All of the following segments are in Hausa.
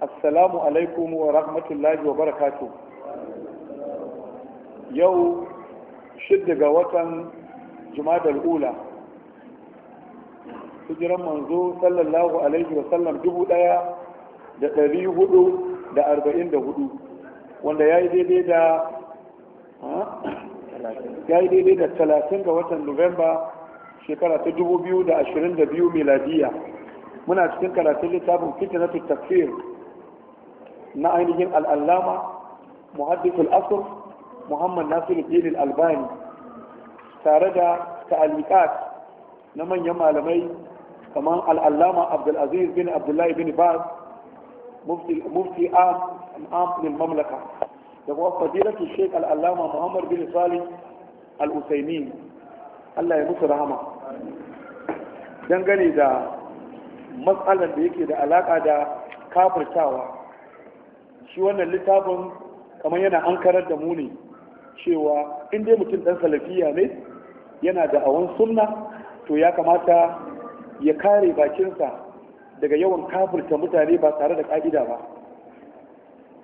assalamu alaikum wa rahmatullahi wa barakatu yau shidda ga watan jumadar ula hijiran manzo sallallahu alaihi wa sallam dubu daya da dari hudu da arba'in da hudu wanda ya yi daidai da ya yi daidai da talatin ga watan nuwamba shekara ta dubu biyu da ashirin da biyu miladiya muna cikin karatun littafin fitinatu tafsir na ainihin al'allama muhaddisul asr muhammad nasiru jilil albani tare da ta'alikat na manyan malamai kamar al'allama abdulaziz bin abdullahi bin baz mufti am mamlaka da kuma fadilatu sheik al'allama muhammad bin salih al'usaini allah ya musu rahama dangane da matsalar da yake da alaƙa da kafirtawa shi wannan littafin kamar yana ankarar da mu ne cewa in dai mutum ɗan salafiya ne yana da awon sunna to ya kamata ya kare bakinsa daga yawan kafirta mutane ba tare da ka'ida ba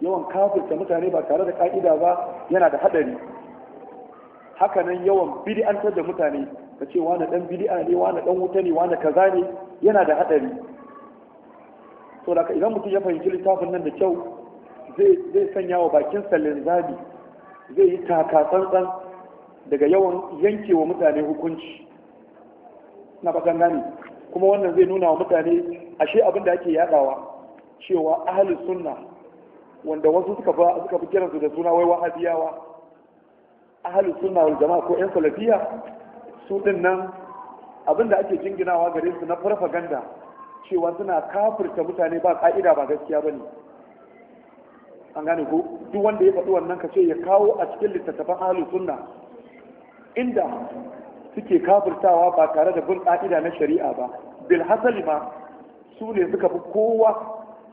yawan kafirta mutane ba tare da ka'ida ba yana da haɗari hakanan yawan bid'antar da mutane ka ce wani dan bid'a ne wani dan wuta ne wani kaza ne yana da haɗari to da idan mutum ya fahimci littafin nan da kyau zai sanya wa bakinsa Zabi zai yi tsantsan daga yawan yanke wa mutane hukunci na bakan gani kuma wannan zai nuna wa mutane ashe abin da ake yadawa cewa ahalin sunna wanda wasu suka fi kiransu da suna wai wahabiyawa ahalin sunna wal jama'a ko yan salafiya su din nan abin da ake jinginawa gare su na farfaganda cewa suna kafirta mutane ba ka'ida ba gaskiya bane an gane ko duk wanda ya faɗi wannan ka ce ya kawo a cikin littattafan ahlus sunna inda suke kafirtawa ba tare da bin ƙa'ida na shari'a ba bil hasali ma su ne suka fi kowa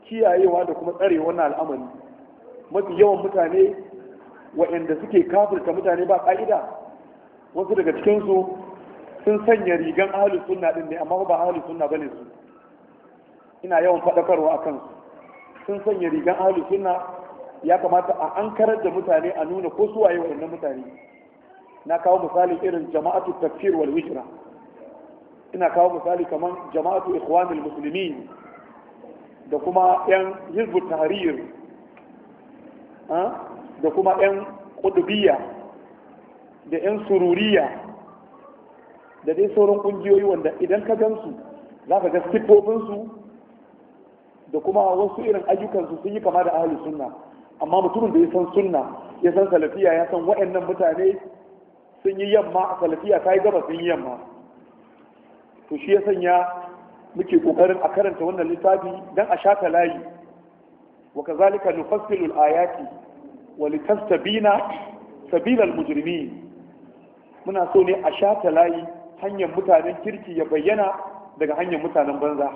kiyayewa da kuma tsare wannan al'amari mafi yawan mutane waɗanda suke kafirta mutane ba ƙa'ida wasu daga cikinsu sun sanya rigan ahalus sunna ɗin ne amma ba ahalus sunna bane su ina yawan faɗakarwa a kansu sun sanya rigan ahalus sunna ya kamata a ankarar da mutane a nuna ko su waye waɗannan mutane na kawo misali irin jama'atu tafsir wal hijra ina kawo misali kamar jama'atu ikhwanul muslimin da kuma yan hizbut tahrir da kuma yan qudubiyya da yan sururiya da dai sauran kungiyoyi wanda idan ka gansu za ka ga siffofinsu da kuma wasu irin ayyukansu sun yi kama da ahalus sunna amma mutumin da ya san sunna ya san salafiya ya san waɗannan mutane sun yi yamma salafiya ta yi gaba sun yi yamma to shi ya sanya muke kokarin a karanta wannan littafi dan a shata layi wa kazalika nufassilu al-ayati wa litastabina sabila al-mujrimin muna so ne a shata layi hanyar mutanen kirki ya bayyana daga hanyar mutanen banza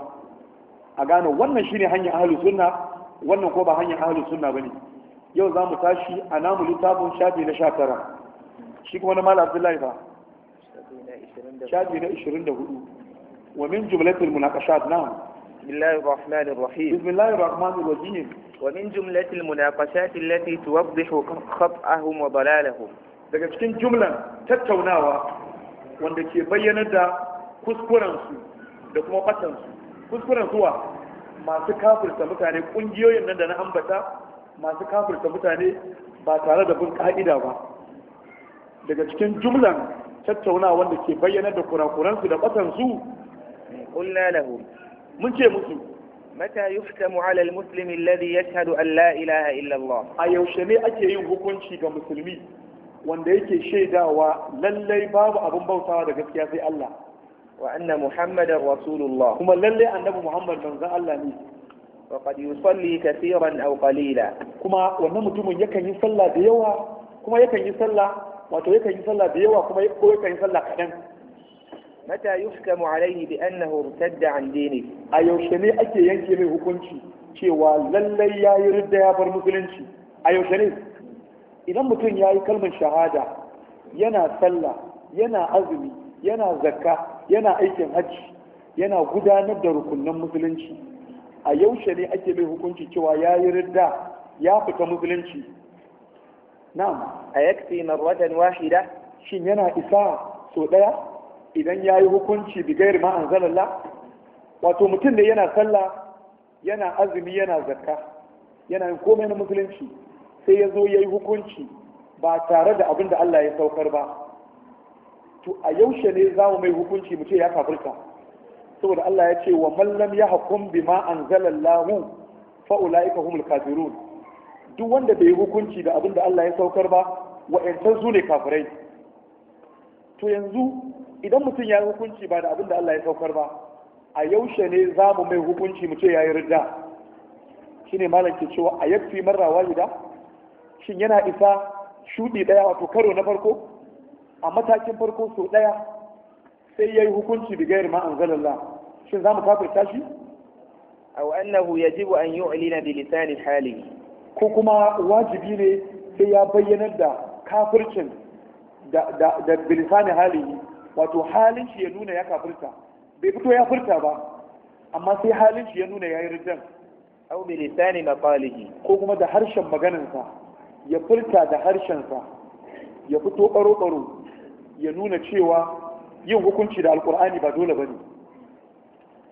a gano wannan shine hanyar ahlus sunna wannan ko ba hanyar ahlus sunna bane yau za mu tashi a namu littafin shafi na sha tara shi kuma na mala abdullahi ba shafi na ishirin da hudu wa min jumlatul munaqashat na بسم الله الرحمن الرحيم بسم الله الرحمن الرحيم ومن جملة المناقشات التي توضح خطأهم وضلالهم daga cikin jumlan tattaunawa wanda ke bayyanar da kuskurensu da kuma batansu kuskuren zuwa masu kafirta mutane kungiyoyin nan da na ambata masu kafirta mutane ba tare da bin ka'ida ba daga cikin jumlan tattauna wanda ke bayyana da kurakuransu da batansu qulna lahu mun ce musu mata yuftamu ala almuslimi alladhi yashhadu an la ilaha illa Allah a yaushe ne ake yin hukunci ga musulmi wanda yake shaidawa lallai babu abin bautawa da gaskiya sai Allah wa anna muhammadar rasulullah kuma lallai annabi muhammad manzon Allah ne wa qad yusalli kaseeran aw qalila kuma wannan mutumin yakan yi sallah da yawa kuma yakan yi sallah wato yakan yi sallah da yawa kuma ko yakan yi sallah kadan mata yuhkamu alaihi bi annahu irtadda an dini a yaushe ne ake yanke mai hukunci cewa lallai ya yi ridda ya bar musulunci a yaushe ne idan mutum ya yi kalmar shahada yana sallah yana azumi yana zakka yana aikin hajji yana gudanar da rukunan musulunci a yaushe ne ake mai hukunci cewa ya yi ridda ya fita musulunci na'am a yakfi marwatan wahida shin yana isa so daya idan ya yi hukunci bi gairi ma wato mutum ne yana sallah yana azumi yana zakka yana yin komai na musulunci sai ya zo ya yi hukunci ba tare da abin da Allah ya saukar ba to a yaushe ne za mu mai hukunci mu ce ya kafirta saboda Allah ya ce wa mallam ya hakum ma anzalallahu fa ulaika humul kafirun duk wanda bai hukunci da abin Allah ya saukar ba wa'ancan su ne kafirai to yanzu idan mutum ya yi hukunci ba da abin da Allah ya saukar ba a yaushe ne za mu mai hukunci mu ce ya yi shine malam ke cewa a yafi marra wahida shin yana isa shudi daya wato karo na farko a matakin farko so daya. sai ya yi hukunci da gairi ma shin zamu kafirta shi aw ya yajibu an yu'lina bi lisani hali ko kuma wajibi ne sai ya bayyanar da kafircin da da bilisani hali wato halin shi ya nuna ya kafirta bai fito ya furta ba amma sai halin shi ya nuna yayi rijan, aw bi lisani maqalihi ko kuma da harshen maganarsa ya furta da harshensa ya fito baro baro ya nuna cewa yin hukunci da alkur'ani ba dole bane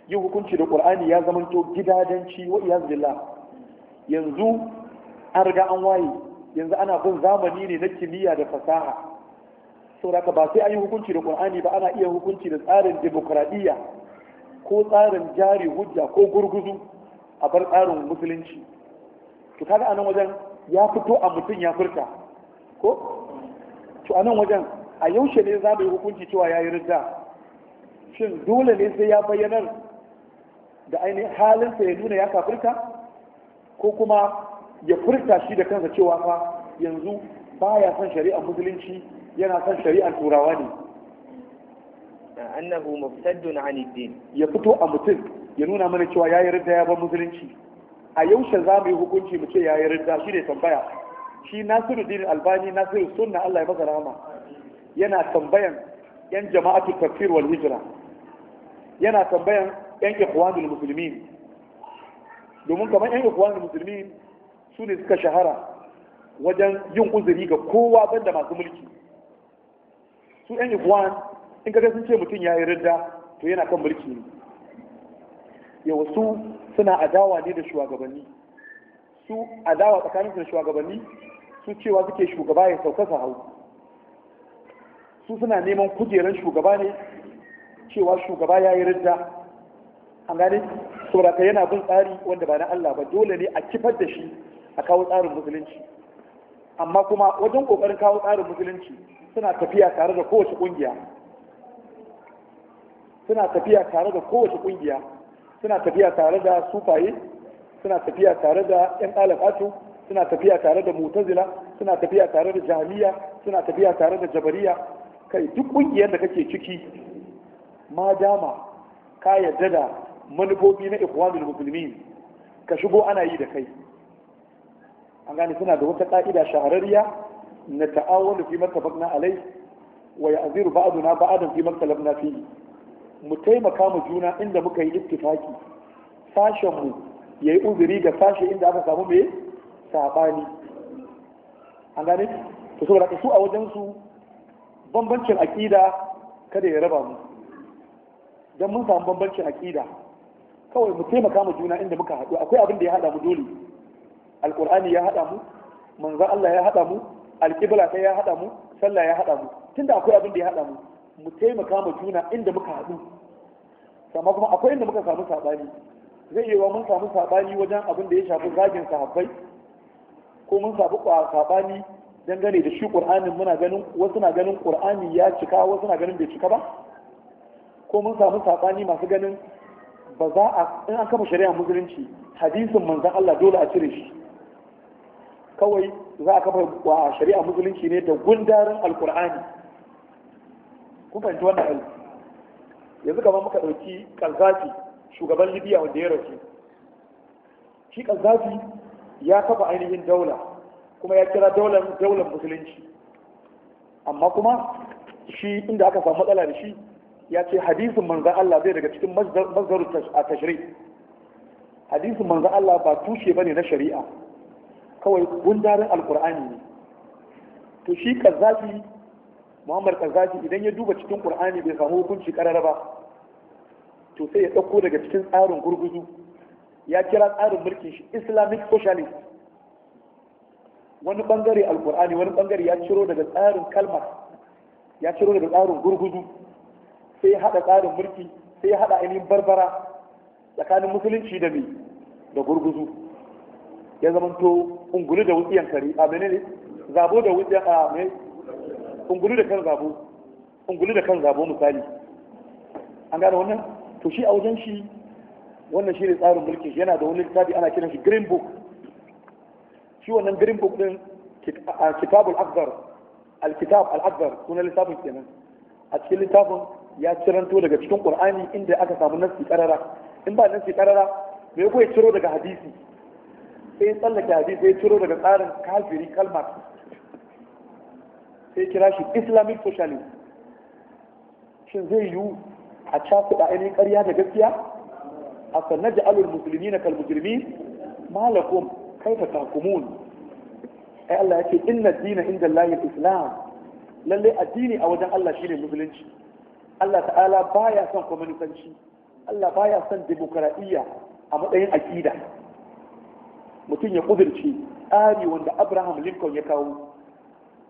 yin hukunci da ƙur'ani ya zamanto gidadanci wa iyaz yanzu an riga an waye yanzu ana bin zamani ne na kimiyya da fasaha saboda ba sai an yi hukunci da alkur'ani ba ana iya hukunci da tsarin demokradiyya ko tsarin jari hujja ko gurguzu a bar tsarin musulunci to kaga anan wajen ya fito a mutum ya furta ko to anan wajen a yaushe ne za mu yi hukunci cewa ya yi ridda shin dole ne sai ya bayyanar da ainihin halinsa ya nuna ya kafirta ko kuma ya furta shi da kansa cewa fa yanzu ba ya son shari'ar musulunci yana son shari'ar turawa ne annahu muftaddun an din ya fito a mutum ya nuna mana cewa yayi ridda ya bar musulunci a yaushe za mu yi hukunci mu ce yayi ridda shi ne tambaya shi Nasiruddin Albani Nasiru sunna Allah ya masa rahama yana tambayan yan jama'atu tafsir wal hijra yana tambayan yan ikhwanul muslimin domin kamar yan ikhwanul muslimin su ne suka shahara wajen yin uzuri ga kowa banda masu mulki su yan ikhwan in ga sun ce mutum yi ridda to yana kan mulki ne yawa su suna adawa ne da shugabanni su adawa tsakanin da shugabanni su cewa suke shugaba ya sauka sa hau su suna neman kujeran shugaba ne cewa shugaba ya yi ridda an gane sauraka yana bin tsari wanda ba na Allah ba dole ne a kifar da shi a kawo tsarin musulunci amma kuma wajen kokarin kawo tsarin musulunci suna tafiya tare da kowace kungiya suna tafiya tare da kowace kungiya suna tafiya tare da sufaye suna tafiya tare da yan ɗalibatu suna tafiya tare da mutazila suna tafiya tare da jami'a suna tafiya tare da jabariya kai duk kungiyar da kake ciki ma dama ka yarda da manufofi na ikhwanul muslimin ka shigo ana yi da kai an gane suna da wata ka'ida shahararriya na ta'awun fi mattafaqna alai wa ya'ziru ba'duna ba'dan fi mattalabna fi mu taimaka mu juna inda muka yi ittifaki sashen mu yayi uzuri ga sashe inda aka samu me sabani an gane to saboda su a wajen su bambancin akida kada ya raba mu don mun samu bambancin akida kawai mu taimaka mu juna inda muka haɗu akwai abin da ya haɗa mu dole alƙur'ani ya haɗa mu manzan Allah ya haɗa mu alƙibla ta ya haɗa mu sallah ya haɗa mu tunda akwai abin da ya haɗa mu mu taimaka mu juna inda muka haɗu amma kuma akwai inda muka samu saɓani zai yi wa mun samu saɓani wajen abin da ya shafi zagin sahabbai ko mun samu saɓani dangane da shi qur'anin muna ganin wasu na ganin qur'ani ya cika wasu na ganin bai cika ba ko mun samu saɓani masu ganin ba za a in an kafa shari'a musulunci hadisin manzon Allah dole a cire shi kawai za a kafa wa shari'a musulunci ne da gundarin alqur'ani kun fahimci wannan aiki yanzu kamar muka ɗauki kalzafi shugaban libya wanda ya rasu shi kalzafi ya kafa ainihin daula kuma ya kira daular musulunci amma kuma shi inda aka samu matsala da shi ya ce hadisin manzan Allah zai daga cikin mazgaru a tashri hadisin manzan Allah ba tushe bane na shari'a kawai gundarin alkur'ani ne to shi kazzafi Muhammad kazzafi idan ya duba cikin qur'ani bai samu hukunci karara ba to sai ya dauko daga cikin tsarin gurguzu ya kira tsarin mulkin shi Islamic socialist wani bangare alkur'ani wani bangare ya ciro daga tsarin kalmar ya ciro daga tsarin gurgudu sai ya haɗa tsarin mulki sai ya haɗa ainihin barbara tsakanin musulunci da mai da gurguzu ya zamanto ungulu da wutsiyan kare a menene zabo da wutsiyan a mai ungulu da kan zabo ungulu da kan zabo misali an gane wannan to shi a wajen shi wannan shi ne tsarin mulki yana da wani littafi ana kiran shi green book shi wannan green book din kitabul akbar alkitab al-akbar sunan littafin kenan a cikin littafin ya ciranto daga cikin qur'ani inda aka samu nasi karara in ba nasi karara me ko ya ciro daga hadisi sai ya tsallake hadisi ya ciro daga tsarin kafiri kalmar sai kira shi islamic socialism shin zai yiwu a cakuɗa ainihin ƙarya da gaskiya a sannan ja'alul musulmi na kalmujirmi malakum kaifa tahkumun ai Allah yake inna dina inda Allah islam lalle addini a wajen Allah shine musulunci Allah ta'ala baya son kwamanisanci Allah baya son demokaradiyya a matsayin akida mutum ya kudirce tsari wanda Abraham Lincoln ya kawo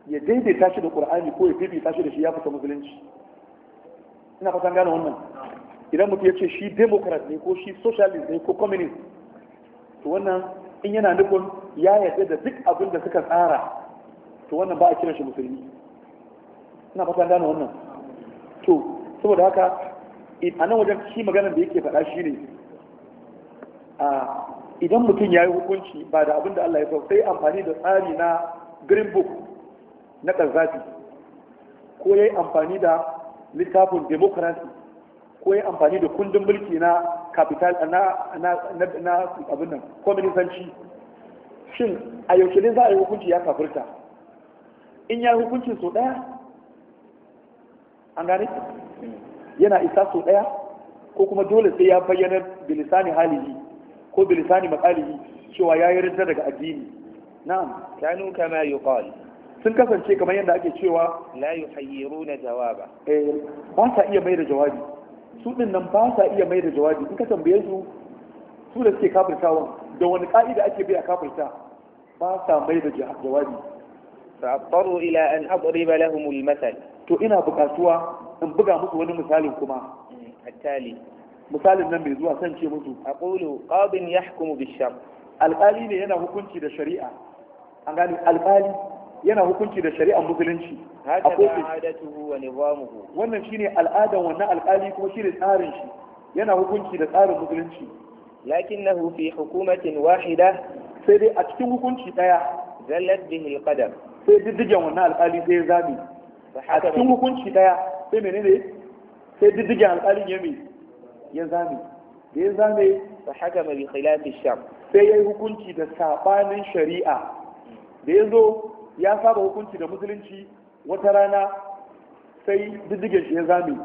ya daidaita shi da Qur'ani ko ya bibita shi da shi ya fita musulunci ina fatan gane wannan idan mutum ya ce shi democrat ne ko shi socialist ne ko communist to wannan in yana nufin ya yarda da duk abin da suka tsara to wannan ba a kiran shi musulmi ina fata gano wannan to saboda haka a nan wajen shi maganar da yake faɗa shi ne idan mutum ya yi hukunci ba da abin da Allah ya sau sai amfani da tsari na green book na ƙarzafi ko ya yi amfani da littafin democracy ko ya yi amfani da kundin mulki na capital na na na abin nan kwaminisanci shin a yaushe ne za a yi hukunci ya kafirta in ya hukuncin so daya an gane yana isa so daya ko kuma dole sai ya bayyana bilisani halili ko bilisani makalihi cewa ya yi rinta daga addini na'am kanu kama yuqal sun kasance kamar yadda ake cewa la yuhayyiruna jawaba eh ba ta iya mai da jawabi su din nan ba sa iya mai da jawabi in ka tambaye su su da suke kafirtawan da wani ka'ida ake bi a kafirta ba sa mai da jawabi fa'attaru ila an adriba lahum al-masal to ina bukatuwa in buga musu wani misalin kuma mm, attali misalin nan mai zuwa san ce musu aqulu qadin yahkumu bi shar alqali ne yana hukunci da shari'a an gani alqali yana hukunci da shari'ar musulunci a kotu wannan shine al'adan wannan alkali kuma shine tsarin shi yana hukunci da tsarin musulunci lakinnahu fi hukumatin wahida sai dai a cikin hukunci daya zallat bihi alqadam sai diddigen wannan alkali sai zabi a cikin hukunci daya sai menene sai diddigen alkalin ya me ya zame da ya zame fa hakama bi khilafi shar sai yayi hukunci da sabanin shari'a da yazo ya saba hukunci da musulunci wata rana sai diddigen shi ya zame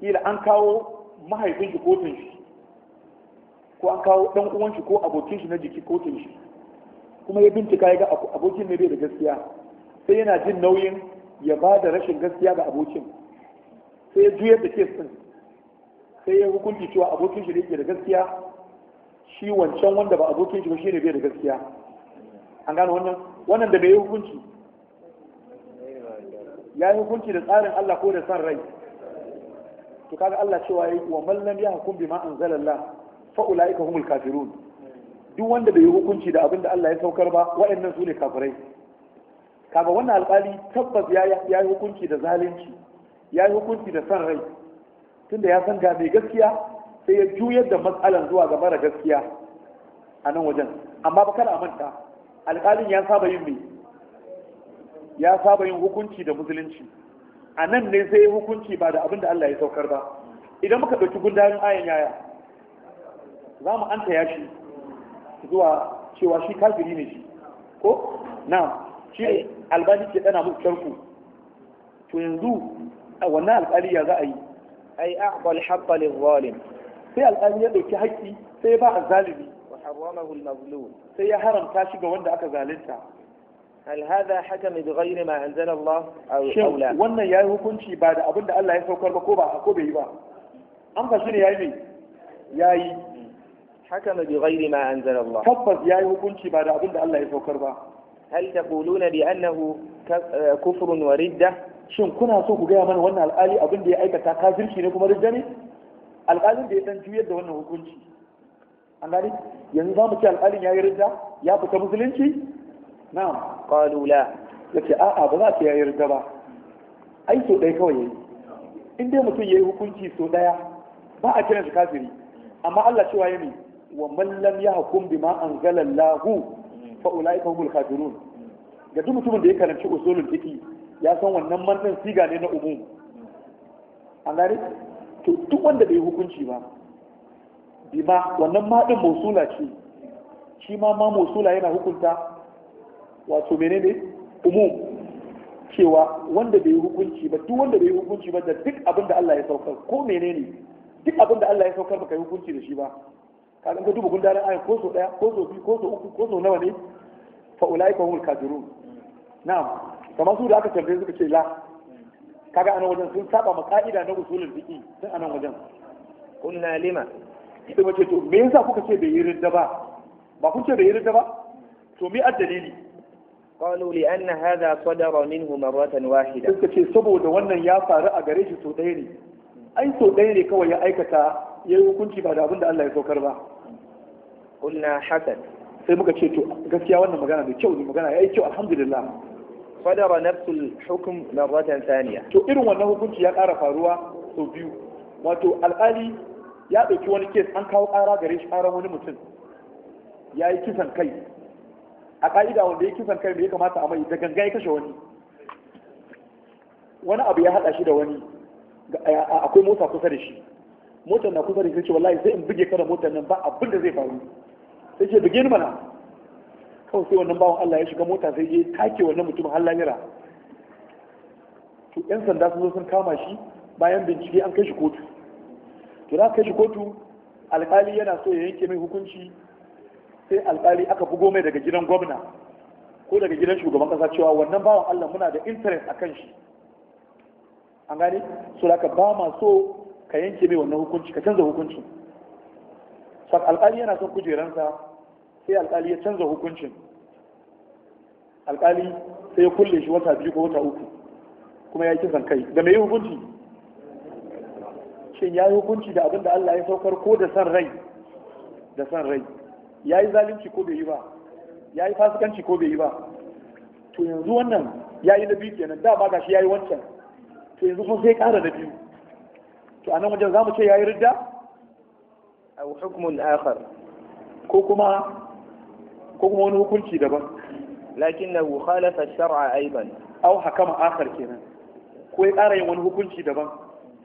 kila an kawo mahaifin shi kotun shi ko an kawo dan uwan shi ko abokin shi na jiki kotun shi kuma ya bincika ya ga abokin ne bai da gaskiya sai yana jin nauyin ya ba da rashin gaskiya ga abokin sai ya juyar da kes din sai ya hukunci cewa abokin shi ne ke da gaskiya shi wancan wanda ba abokin shi ba shi ne bai da gaskiya an gano wannan wannan da bai yi hukunci ya yi hukunci da tsarin Allah ko da san rai to kaga Allah cewa yayi wa man lam yahkum bima anzalallah fa ulaika humul kafirun duk wanda bai yi hukunci da abinda Allah ya saukar ba waɗannan su ne kafirai kaga wannan alƙali tabbas ya yi hukunci da zalunci ya yi hukunci da san rai tunda ya san ga mai gaskiya sai ya juyar da matsalan zuwa ga mara gaskiya a nan wajen amma ba kada a manta alƙalin ya saba yin mai ya saba yin hukunci da musulunci a nan ne sai hukunci ba da abin da Allah ya saukar ba idan muka ɗauki gundarin ayan yaya za mu anta ya shi zuwa cewa shi kafiri ne shi ko na shi albani ke ɗana musu sharku to yanzu a wannan alƙali ya za a yi ai a haqqa zalim sai alƙali ya ɗauki haƙƙi sai ba a zalibi. haramahu al-mazlum sai ya haramta shi ga wanda aka zalunta hal hadha hakama bi ghayri ma anzala Allah aw la wannan yayi hukunci ba da abinda Allah ya saukar ba ko ba ko bai yi ba an fa shine yayi ne yayi hakama bi ghayri ma anzala Allah tabbas yayi hukunci ba da abinda Allah ya saukar ba hal taquluna bi annahu eh, kufrun wa shin kuna so ku gaya mana wannan al'ali abin da ya aikata kuma ridda ne alƙalin ya dan juyar da wannan hukunci an gani yanzu za mu ce alƙalin ya yi rinta ya fita musulunci Na, qalu ya ce a'a ba za ya yi rinta ba ai so ɗaya kawai yayi in dai mutum ya yi hukunci so ɗaya ba a kiran shi kafiri amma Allah cewa ne wa man lam yahkum bima anzala Allahu fa ulaika humul kafirun ga duk mutumin da ya karanci usulul fiqh ya san wannan man siga ne na umu. an gani to duk wanda bai hukunci ba bima wannan ma mosula ce shi ma ma mosula yana hukunta wato menene umum cewa wanda bai hukunci ba duk wanda bai hukunci ba da duk abin da Allah ya saukar ko menene duk abin da Allah ya saukar baka yi hukunci da shi ba ka ga bugun dare ayin ko so daya ko so biyu ko so uku ko so nawa ne fa ulaika humul kafirun na'am kamar su da aka tambaye suka ce la kaga anan wajen sun saba ma ka'ida na usulul fiqi sun anan wajen kunna lima sai mace to me yasa kuka ce bai yi ridda ba ba kun ce bai yi ridda ba to me addalili قالوا لأن هذا صدر منه مرة واحدة suka ce saboda wannan ya faru a gare shi so ɗaya ne ai so ɗaya ne kawai ya aikata ya yi hukunci ba da abin Allah ya saukar ba qulna hasan sai muka ce to gaskiya wannan magana da kyau ne magana yayi kyau alhamdulillah صدر نفس الحكم مرة ثانية to irin wannan hukunci ya ƙara faruwa sau biyu wato alƙali ya ɗauki wani kes an kawo ƙara gare shi ƙaran wani mutum ya yi kisan kai a ƙa'ida wanda ya kisan kai da ya kamata a mai da ganga ya kashe wani wani abu ya haɗa shi da wani akwai mota kusa da shi motar na kusa da shi ce wallahi sai in buge kada motar nan ba abin da zai faru sai ce buge ni mana kawai sai wannan bawan Allah ya shiga mota sai ya take wannan mutum har lamira to yan sanda sun zo sun kama shi bayan bincike an kai shi kotu kira ka kai shi kotu alkali yana so ya yanke mai hukunci sai alkali aka bugo mai daga gidan gwamna ko daga gidan shugaban kasa cewa wannan bawan Allah muna da interest akan shi an gane so da ka ba ma so ka yanke mai wannan hukunci ka canza hukunci sak alkali yana son kujeransa sai alkali ya canza hukuncin alkali sai ya kulle shi wata biyu ko wata uku kuma ya yi kisan kai da mai hukunci shin ya yi hukunci da abin da Allah ya saukar ko da san rai da san rai ya yi zalunci ko bai yi ba ya yi fasikanci ko bai yi ba to yanzu wannan ya yi na biyu kenan da ba gashi ya yi wancan to yanzu kuma sai ƙara na biyu to a nan wajen za mu ce ya yi ridda a hukumun akhar ko kuma ko kuma wani hukunci daban lakin na khalafa shar'a aiban au hakama akhar kenan ko ya ƙara yin wani hukunci daban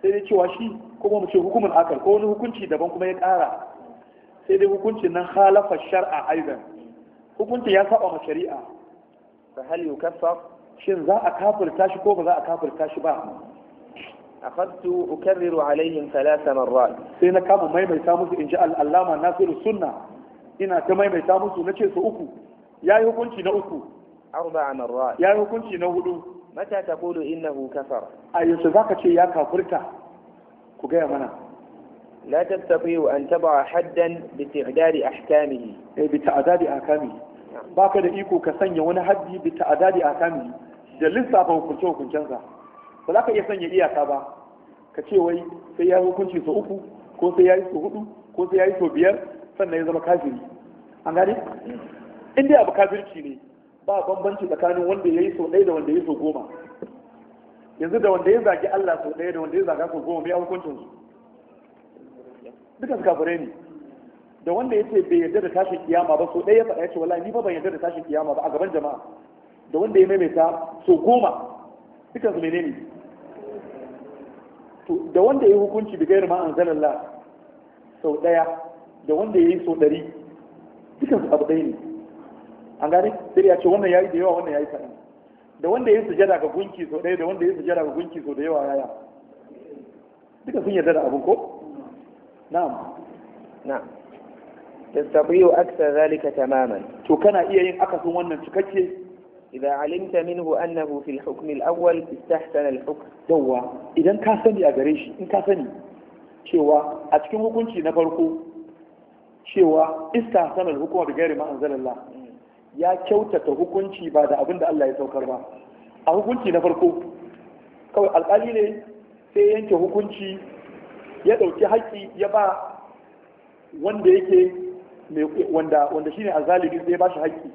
sai dai cewa shi kuma mu ce hukumin akal ko wani hukunci daban kuma ya ƙara sai dai hukuncin nan halafa shar'a aizan hukuncin ya saba ma shari'a fa hal yukaffaf shin za a kafirta shi ko ba za a kafirta shi ba أخذت أكرر عليهم ثلاث مرات سينا كما ما يميتامس إن جاء الألامة ناصر السنة إنا كما يميتامس نشي سأكو يا يكونشي نأكو أربع مرات يا يكونشي نهدو متى تقول إنه كفر أي سذاك ce ya كفرتا ku gaya mana la tastati'u an taba haddan bi ta'dadi ahkamihi eh bi ta'dadi ahkamihi baka da iko ka sanya wani haddi bi ta'dadi ahkamihi da lissafa hukunce hukuncensa ba za ka iya sanya iyaka ba ka ce wai sai ya hukunci sau uku ko sai ya yi sau hudu ko sai ya yi sau biyar sannan ya zama kafiri an gane mm. in dai abu kafirci ne ba bambanci tsakanin wanda ya yi sau ɗaya da wanda ya yi sau goma yanzu da wanda ya zaki Allah sau ɗaya da wanda ya zaka sau goma mai hukuncin su duka su kafure ne da wanda ya ce bai yarda da tashin kiyama ba sau ɗaya ya faɗa ya ce wallahi ni ba ban yarda da tashin kiyama ba a gaban jama'a da wanda ya maimaita sau goma duka su menene to da wanda ya yi hukunci bi gairu ma la sau ɗaya da wanda ya yi sau ɗari duka su abu ɗaya ne an gane sai ya ce wannan ya yi da yawa wannan ya yi kaɗan da wanda ya sujada ga gunki so ɗaya da wanda ya sujada ga gunki so da yawa yaya duka sun yarda da abin ko Na. Na. Da na'am na'am tastabiyu aksa zalika tamaman to kana iya yin akasin wannan cikakke idza alimta minhu annahu fil hukm al awwal istahsana al hukm yawa idan ka sani a gare shi in ka sani cewa a cikin hukunci na farko cewa iska al hukma bi ghairi ma ya kyautata hukunci ba da abin da Allah ya saukar ba a hukunci na farko kawai alkali ne sai yanke hukunci ya ɗauki haƙƙi ya ba wanda yake wanda wanda shine azalimi sai ya ba shi haƙƙi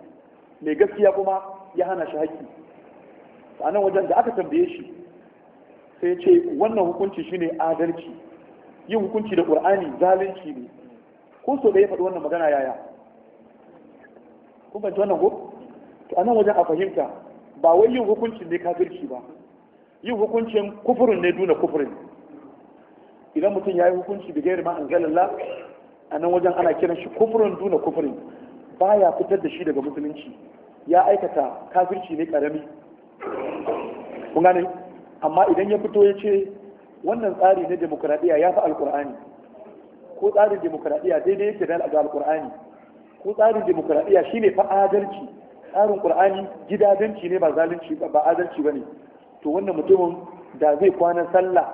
mai gaskiya kuma ya hana shi haƙƙi a nan wajen da aka tambaye shi sai ce wannan hukunci shine adalci yin hukunci da ƙur'ani zalunci ne ko so da ya faɗi wannan magana yaya kun fahimci wannan ko to anan wajen a fahimta ba wai yin hukuncin ne kafirci ba yin hukuncin kufurin ne duna kufurin idan mutum ya yi hukunci bi gairi ma anzalalla a nan wajen ana kiran shi kufurin duna kufurin ba ya fitar da shi daga musulunci ya aikata kafirci ne karami kun gane amma idan ya fito ya ce wannan tsari na demokradiyya ya fi alkur'ani ko tsarin demokradiyya daidai yake da alkur'ani ko tsarin demokradiyya shi ne adalci tsarin ƙul'ani gidajenci ne ba zalunci ba adalci ne. to wannan mutumin da zai kwana sallah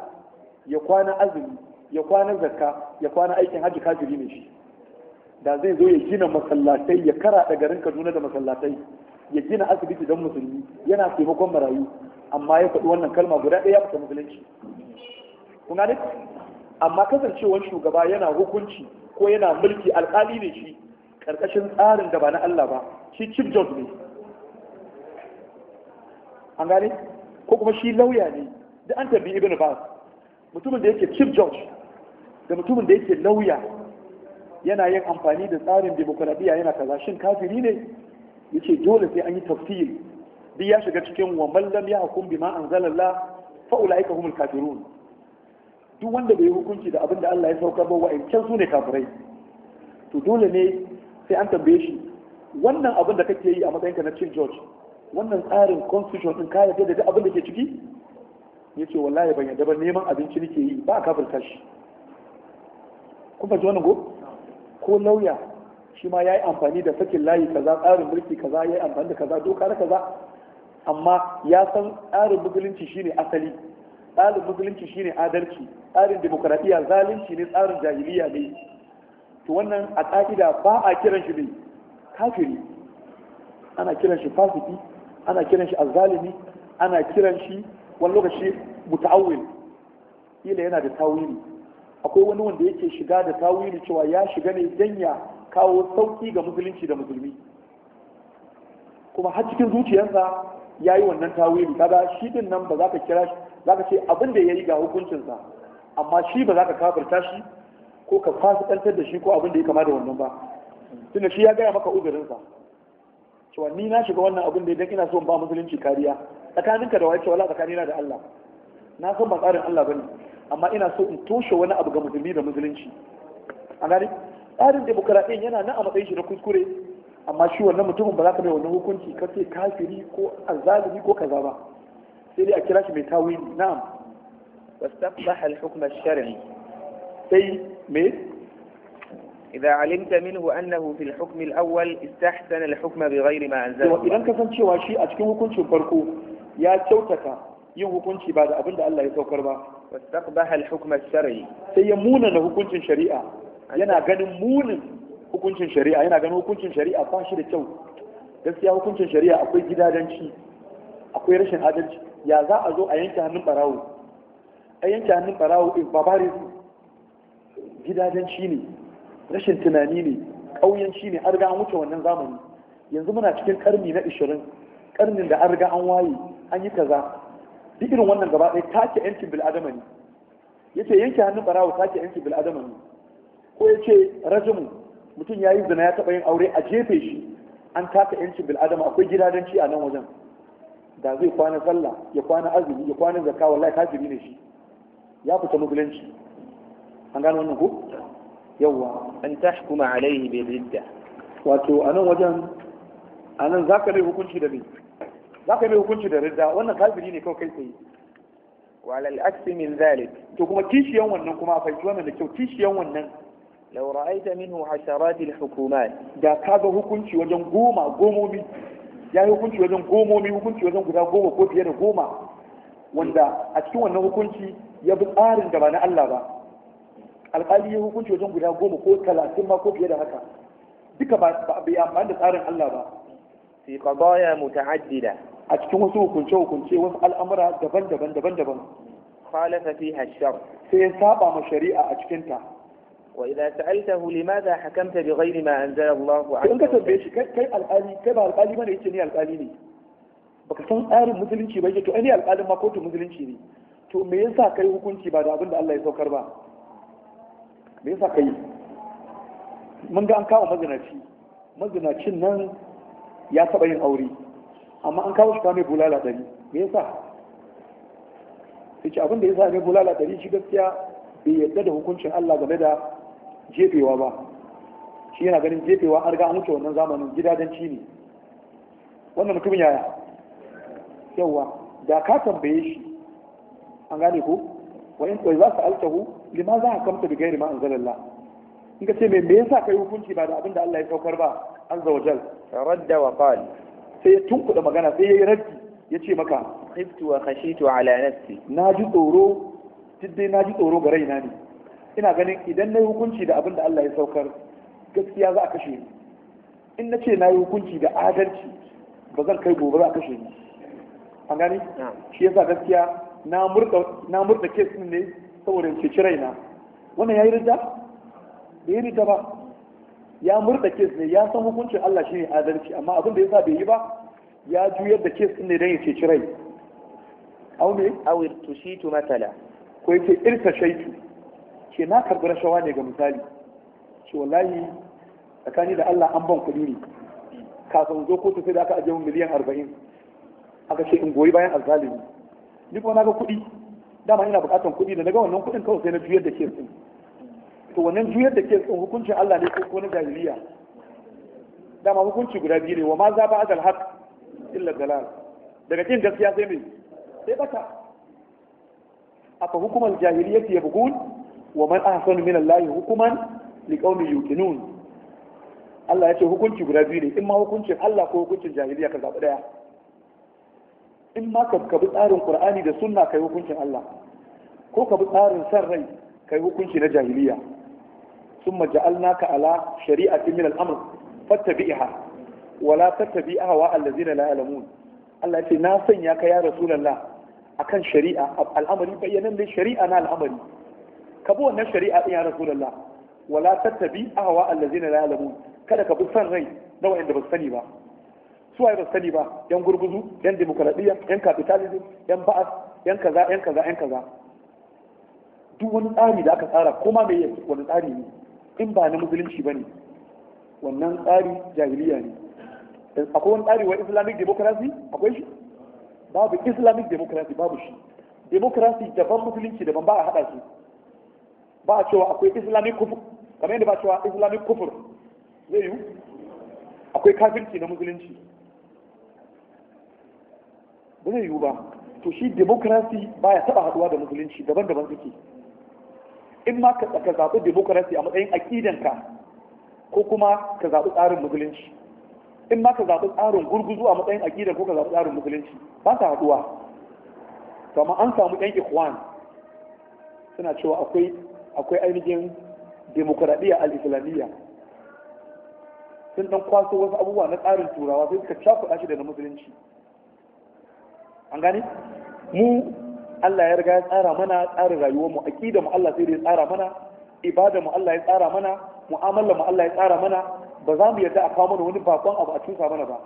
ya kwana azumi ya kwana zakka ya kwana aikin hajji kajiri ne shi da zai zo ya gina masallatai ya kara garin Kaduna da masallatai ya gina asibiti don musulmi yana taimakon marayu amma ya faɗi wannan kalma guda ɗaya ya musulunci kuna ne amma kasancewar shugaba yana hukunci ko yana mulki alƙali ne shi karkashin tsarin da ba na Allah ba shi chief judge ne an gane ko kuma shi lauya ne da an tabi ibn Bas mutumin da yake chief judge da mutumin da yake lauya yana yin amfani da tsarin demokradiyya yana kaza shin kafiri ne yace dole sai an yi tafsir duk ya shiga cikin wa mallam ya hukum bima anzalallah fa ulaika humul kafirun duk wanda bai hukunci da abin da Allah ya saukar ba wa'ancan su ne kafirai to dole ne sai an tambaye shi wannan abin da kake yi a matsayinka na cin george wannan tsarin constitution din kaya yarda duk abin da ke ciki ya ce wallahi ban yadda ba neman abinci nake yi ba a kafirta shi kun fahimci wannan ko ko lauya shi ma ya yi amfani da sakin layi kaza tsarin mulki kaza ya amfani da kaza doka da kaza amma ya san tsarin musulunci shine asali tsarin musulunci shine adalci tsarin demokradiyya zalunci ne tsarin jahiliya ne to wannan a ƙa'ida ba a kiran shi ne kafiri ana kiran shi fasiki ana kiran shi azalimi, ana kiran shi wani lokaci muta'awil ila yana da tawili akwai wani wanda yake shiga da tawili cewa ya shiga ne dan ya kawo sauki ga musulunci da musulmi kuma har cikin zuciyarsa ya yi wannan tawili kaga shi din nan ba za ka kira shi za ka ce abin da ya yi ga hukuncinsa amma shi ba za ka kafirta shi ko ka ɗantar da shi ko abin da ya kama da wannan ba tunda shi ya gaya maka uzurinsa cewa ni na shiga wannan abin da idan ina so ba musulunci kariya tsakaninka da wace wala tsakanina da Allah na san ba tsarin Allah ne. amma ina so in toshe wani abu ga musulmi da musulunci a gari tsarin demokaradiyyar yana nan a matsayin shi na kuskure amma shi wannan mutumin ba za ka mai wannan hukunci ka ce kafiri ko azalimi ko kaza ba sai dai a kira shi mai tawili na'am واستقبح الحكم الشرعي sai me إذا علمت منه أنه في الحكم الأول استحسن الحكم بغير ما أنزل الله إذا كان cewa shi a cikin hukuncin farko ya kyautata yin hukunci ba da abin da Allah ya saukar ba واستقبح الحكم الشرعي sai ya munana hukuncin shari'a yana ganin munin hukuncin shari'a yana ganin hukuncin shari'a ba shi da kyau gaskiya hukuncin shari'a akwai gidadanci akwai rashin adalci ya za a zo a yanke hannun barawo a yanke hannun barawo is barbarism gidajenci ne rashin tunani ne ƙauyenci ne an riga an wuce wannan zamani yanzu muna cikin karni na ishirin karnin da an an waye an yi kaza duk irin wannan gaba ɗaya take yankin bil'adama ne ya ce yanke hannun ta take yankin bil'adama ne ko ya ce rajimu mutum ya yi zina ya taɓa yin aure a jefe shi an taka yancin bil'adama akwai gidajenci a nan wajen da zai kwana sallah ya kwana azumi ya kwana zakka wallahi kafiri ne shi ya fita musulunci an gano wannan ku yawwa an tahkuma alaihi bil ridda wato anan wajen anan zaka mai hukunci da me zaka mai hukunci da ridda wannan kafiri ne kawai kai tsaye Walal alal aksi min zalik to kuma kishiyan wannan kuma fa wannan da kyau kishiyan wannan law ra'aita minhu hasharat al hukumat da kaga hukunci wajen goma gomomi ya yi hukunci wajen gomomi hukunci wajen guda goma ko fiye da goma wanda a cikin wannan hukunci ya bi tsarin da ba na Allah ba alƙali ya hukunci wajen guda goma ko talatin ma ko fiye da haka duka ba bai amfani da tsarin Allah ba fi qadaya muta'addida a cikin wasu hukunce hukunce wasu al'amura daban-daban daban-daban khalafa fiha shar sai ya saba ma shari'a a cikinta. wa idan sa'altahu limadha hakamta bi ghairi ma anzala Allah in ka tambaye shi kai alƙali kai ba alƙali bane yace ni alƙali ne baka san tsarin musulunci ba yake to ai ni alƙalin ma kotun musulunci ne to me yasa kai hukunci ba da abin da Allah ya saukar ba me yasa kai mun ga an kawo mazinaci mazinacin nan ya taɓa yin aure amma an kawo shi kame bulala ɗari me yasa yace abin da yasa ne bulala ɗari shi gaskiya bai yadda da hukuncin Allah game da jefewa ba shi yana ganin jefewa an riga an wuce wannan zamanin gidadanci ne wannan mutumin yaya yawa da ka tambaye shi an gane ko wa in za su altahu lima za a kamta bi gairi ma anzalallah in ka ce me me yasa kai hukunci ba da abin da Allah ya saukar ba azza wajal radda wa qal sai ya tunkuda magana sai ya yi raddi ya ce maka khiftu wa khashitu ala nafsi na ji tsoro Tiddai na ji tsoro ga raina ne ina ganin idan na yi hukunci da abin da Allah ya saukar gaskiya za a kashe ni in na ce na yi hukunci da adalci ba zan kai gobe za a kashe ni an gani shi yasa gaskiya na murta kes ne saboda ya ceci raina wannan ya yi ridda bai yi rida ba ya murda kes ne ya san hukuncin Allah shi ne adalci amma abin da ya sa bai yi ba ya juyar da kes ne don ya ci rai au ne awir tushitu matala ko yake irka shaitu ke na karbi rashawa ne ga misali ce wallahi tsakani da Allah an ban kuɗi ne kafin zo kotu sai da aka ajiye miliyan arba'in aka ce in goyi bayan alzalimi ni kuma na ga kuɗi dama ina buƙatar kuɗi da daga wannan kuɗin kawai sai na juyar da ke tsin to wannan juyar da ke tsin hukuncin Allah ne ko na jahiliya dama hukunci guda biyu ne wa ma za ba adal haq illa dalal daga cikin gaskiya sai mai sai bata afa hukumar jahiliya ya yabghun wa man ahsanu min Allah hukuman liqaumin yuqinun Allah ya ce hukunci guda biyu ne in ma hukuncin Allah ko hukuncin jahiliya ka zaɓi ɗaya in ma ka bi tsarin qur'ani da sunna kai hukuncin Allah ko ka bi tsarin san rai kai hukunci na jahiliya summa ja'alnaka ala shari'atin min al-amr fattabi'ha wa la tattabi ahwa allazina la ya'lamun Allah ya ce na sanya ka ya rasulullah akan shari'a al'amari bayyanan ne shari'a na al'amari ka bi wannan shari'a ya rasulullah wa la tattabi ahwa allazina la ya'lamun kada ka bi san rai na wa'anda ba sani ba su waye ba sani ba yan gurguzu yan demokradiyya yan capitalism yan ba'as yan kaza yan kaza yan kaza duk wani tsari da aka tsara koma mai yi wani tsari ne in ba na musulunci ba ne wannan tsari jahiliya ne akwai wani tsari wa islamic democracy akwai shi babu islamic democracy babu shi democracy daban musulunci daban ba a hada su ba a cewa akwai islamic kufur kamar yadda ba cewa islamic kufur zai yiwu akwai kafirci na musulunci ba zai yiwu ba to shi ba baya taba haduwa da musulunci daban-daban suke in ma ka ka zaɓi demokrasi a matsayin aƙidanka ko kuma ka zaɓi tsarin musulunci in ma ka zaɓi tsarin gurguzu a matsayin aƙidan ko ka zaɓi tsarin musulunci ba ta haduwa kama an samu yan ikhwan suna cewa akwai akwai ainihin demokradiyya al-islamiyya sun dan kwaso wasu abubuwa na tsarin turawa sai suka cakuɗa shi da na musulunci an gane mu Allah ya riga ya tsara mana tsarin rayuwar mu aqida mu Allah sai da ya tsara mana ibada mu Allah ya tsara mana mu'amala mu Allah ya tsara mana ba za mu yarda a kawo mana wani bakon abu a cusa mana ba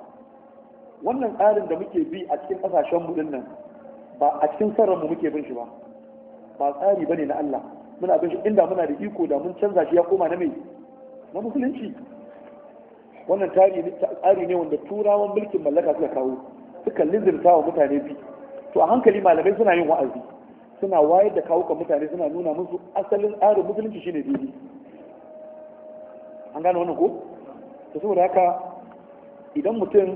wannan tsarin da muke bi a cikin kasashen mu din ba a cikin sarran mu muke bin shi ba ba tsari bane na Allah muna bin shi inda muna da iko da mun canza shi ya koma na mai na musulunci wannan tsari ne wanda turawan mulkin mallaka suka kawo suka lizirta wa mutane bi to a hankali malamai suna yin wa'azi suna wayar da kawo mutane suna nuna musu asalin tsarin musulunci shine daidai an gane wannan ko to saboda haka idan mutum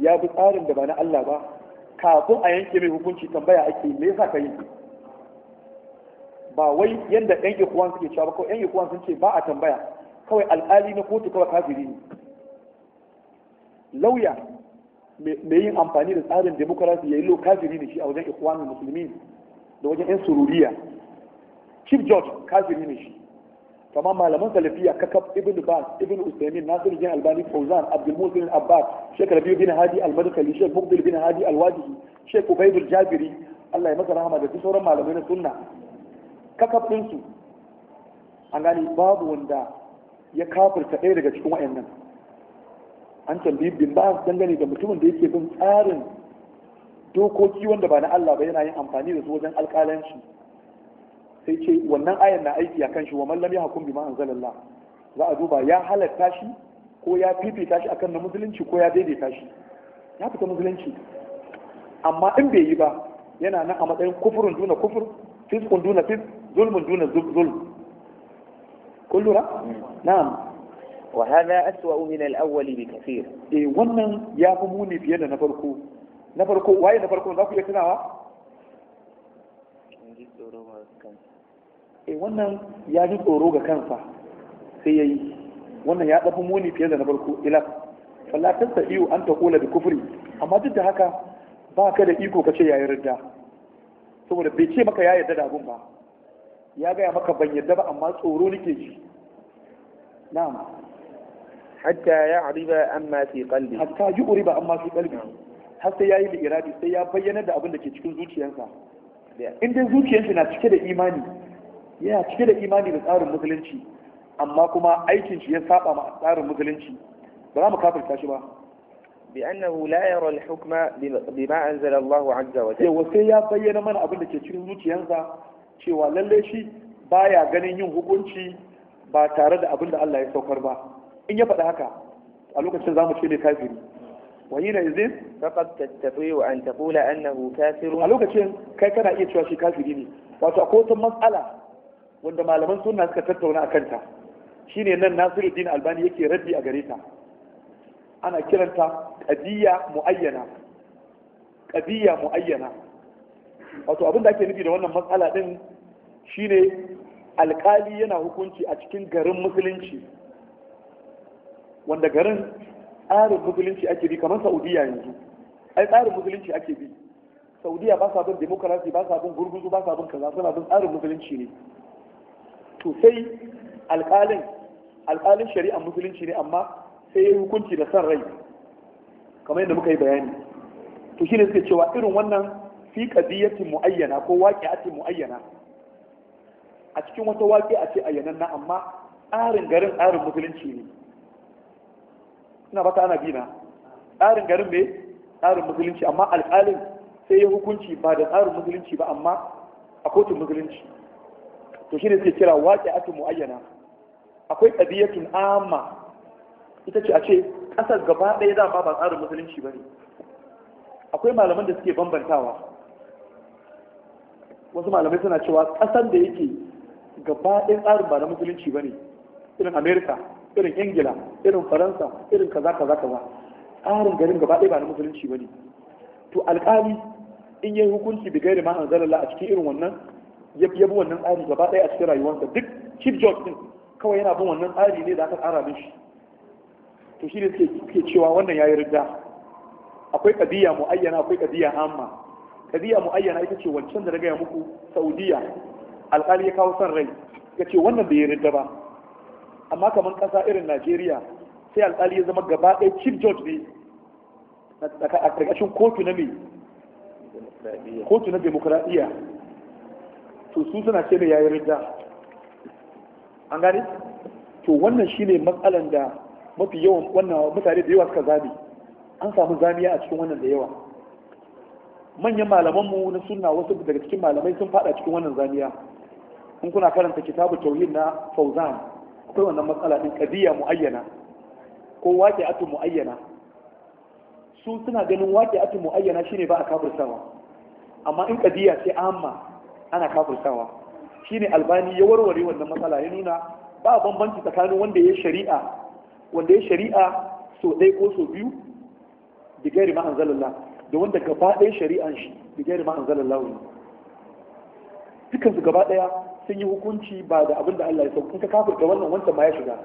ya bi tsarin da ba na Allah ba kafin a yanke mai hukunci tambaya ake me yasa ka yi ba wai yadda yan ikuwan suke cewa ba kawai yan ikuwan sun ce ba a tambaya kawai al'ali na kotu kawai kafiri ne lauya mai yin amfani da tsarin demokarasi ya yi lokafiri ne shi a wajen ikwanin musulmi da wajen yan sururiya chief george kafiri ne shi kama malaman salafiya kakab ibn bas ibn usaimin nasir jin albani fauzan abdul musin abbas shek rabiu bin hadi al-madkhali shek mukbil bin hadi al shek ubaidul jabiri allah ya masa rahama da sauran malamai na sunna kakaf ɗinsu an gani babu wanda ya kafirta ɗaya daga cikin wa'annan an tambayi bin ba dangane da mutumin da yake bin tsarin dokoki wanda ba na Allah ba yana yin amfani da su wajen alƙalanci sai ce wannan ayan na aiki kan shi wa mallam lam yahkum bima anzalallah za a duba ya halatta shi ko ya fifita shi akan na musulunci ko ya daidaita shi ya fita musulunci amma in bai yi ba yana nan a matsayin kufurin duna kufur fiskun duna fisk zulmun duna zulm kun lura mm. na'am wa hada aswa min al-awwal bi kathir eh wannan ya muni fiye da na farko na farko waye na farko za ku iya tunawa eh wannan ya ji tsoro ga kansa sai yayi wannan ya muni fiye da na farko an ta amma duk da haka ba ka da iko ka ce ya yarda saboda bai ce maka ya yarda da abun ba ya gaya maka ban yarda ba amma tsoro nake ji na'am hatta ya riba amma fi uriba amma fi qalbi har sai yayi da iradi sai ya bayyana da abin da ke cikin zuciyarsa in dai na cike da imani yana cike da imani da tsarin musulunci amma kuma aikin shi ya saba ma tsarin musulunci ba za mu kafirta shi ba بأنه لا يرى الحكم بما أنزل الله عز وجل وسيا بينا من أبن da ke cikin zuciyarsa cewa lallai shi baya ganin yin hukunci ba tare da abin da Allah ya saukar ba in ya faɗa haka a lokacin za mu ce ne kafiri wa na izin faqad tattafi wa an kafiru a lokacin kai kana iya cewa shi kafiri ne wato akwai wata matsala wanda malaman suna suka tattauna a kanta Shi ne nan Nasiruddin Albani yake raddi a gare ta ana kiranta ƙadiyya muayyana ƙadiyya muayyana wato abin da ake nufi da wannan matsala din shine alkali yana hukunci a cikin garin musulunci wanda garin tsarin musulunci ake bi kamar saudiya yanzu ai tsarin musulunci ake bi saudiya ba sa bin demokarasi ba sa bin gurguzu ba sa bin kaza suna bin tsarin musulunci ne to sai alƙalin alƙalin shari'ar musulunci ne amma sai ya hukunci da san rai kamar yadda muka yi bayani to shine suke cewa irin wannan fi qadiyatin muayyana ko waqi'atin muayyana a cikin wata waƙi a ce ayyanan na amma tsarin garin tsarin musulunci ne suna baka ana bina tsarin garin mai tsarin musulunci amma alƙalin sai ya hukunci ba da tsarin musulunci ba amma a kotun musulunci to shi ne suke kira waƙe ake mu'ayyana akwai ɗabi'atun amma ita ce a ce ƙasar gaba ɗaya za ba tsarin musulunci ba ne akwai malaman da suke bambantawa wasu malamai suna cewa ƙasar da yake gaba ɗaya tsarin ba na musulunci ba ne irin amerika irin ingila irin faransa irin kaza kaza kaza tsarin garin gaba ɗaya ba na musulunci ba ne to alƙali in yi hukunci bi gairi ma'an zalala a cikin irin wannan ya bi wannan tsari gaba ɗaya a cikin rayuwarsa duk chief judge din kawai yana bin wannan tsari ne da aka tsara shi to shi ne suke cewa wannan ya yi ridda akwai kadiya muayyana akwai kadiya amma kadiya muayyana ita ce wancan da na gaya muku saudiya alƙali ya kawo son rai ya ce wannan bai yi ridda ba amma kamar kasa irin najeriya sai alƙali ya zama gaba ɗaya chief judge ne a ƙarƙashin kotu na mai kotu na demokuraɗiyya to su suna ce mai yayin rinda an gane to wannan shine matsalan da mafi yawan wannan mutane da yawa suka zami an samu zamiya a cikin wannan da yawa manyan malamanmu na sunna wasu daga cikin malamai sun fada cikin wannan zamiya in kuna karanta kitabu tauhid na fauzan ta wannan matsala din kadiya muayyana ko waqi'atu muayyana su suna ganin waqi'atu muayyana shine ba a kafirtawa amma in kadiya ce amma ana kafirtawa shine albani ya warware wannan matsala ya nuna ba bambanci tsakanin wanda ya shari'a wanda ya shari'a so ɗaya ko so biyu bigari ma'anzalallah da wanda gaba ɗaya shari'an shi bigari ma'anzalallah ne su gaba ɗaya sun yi hukunci ba da abin da Allah ya sauka in ka kafirta wannan wancan ma ya shiga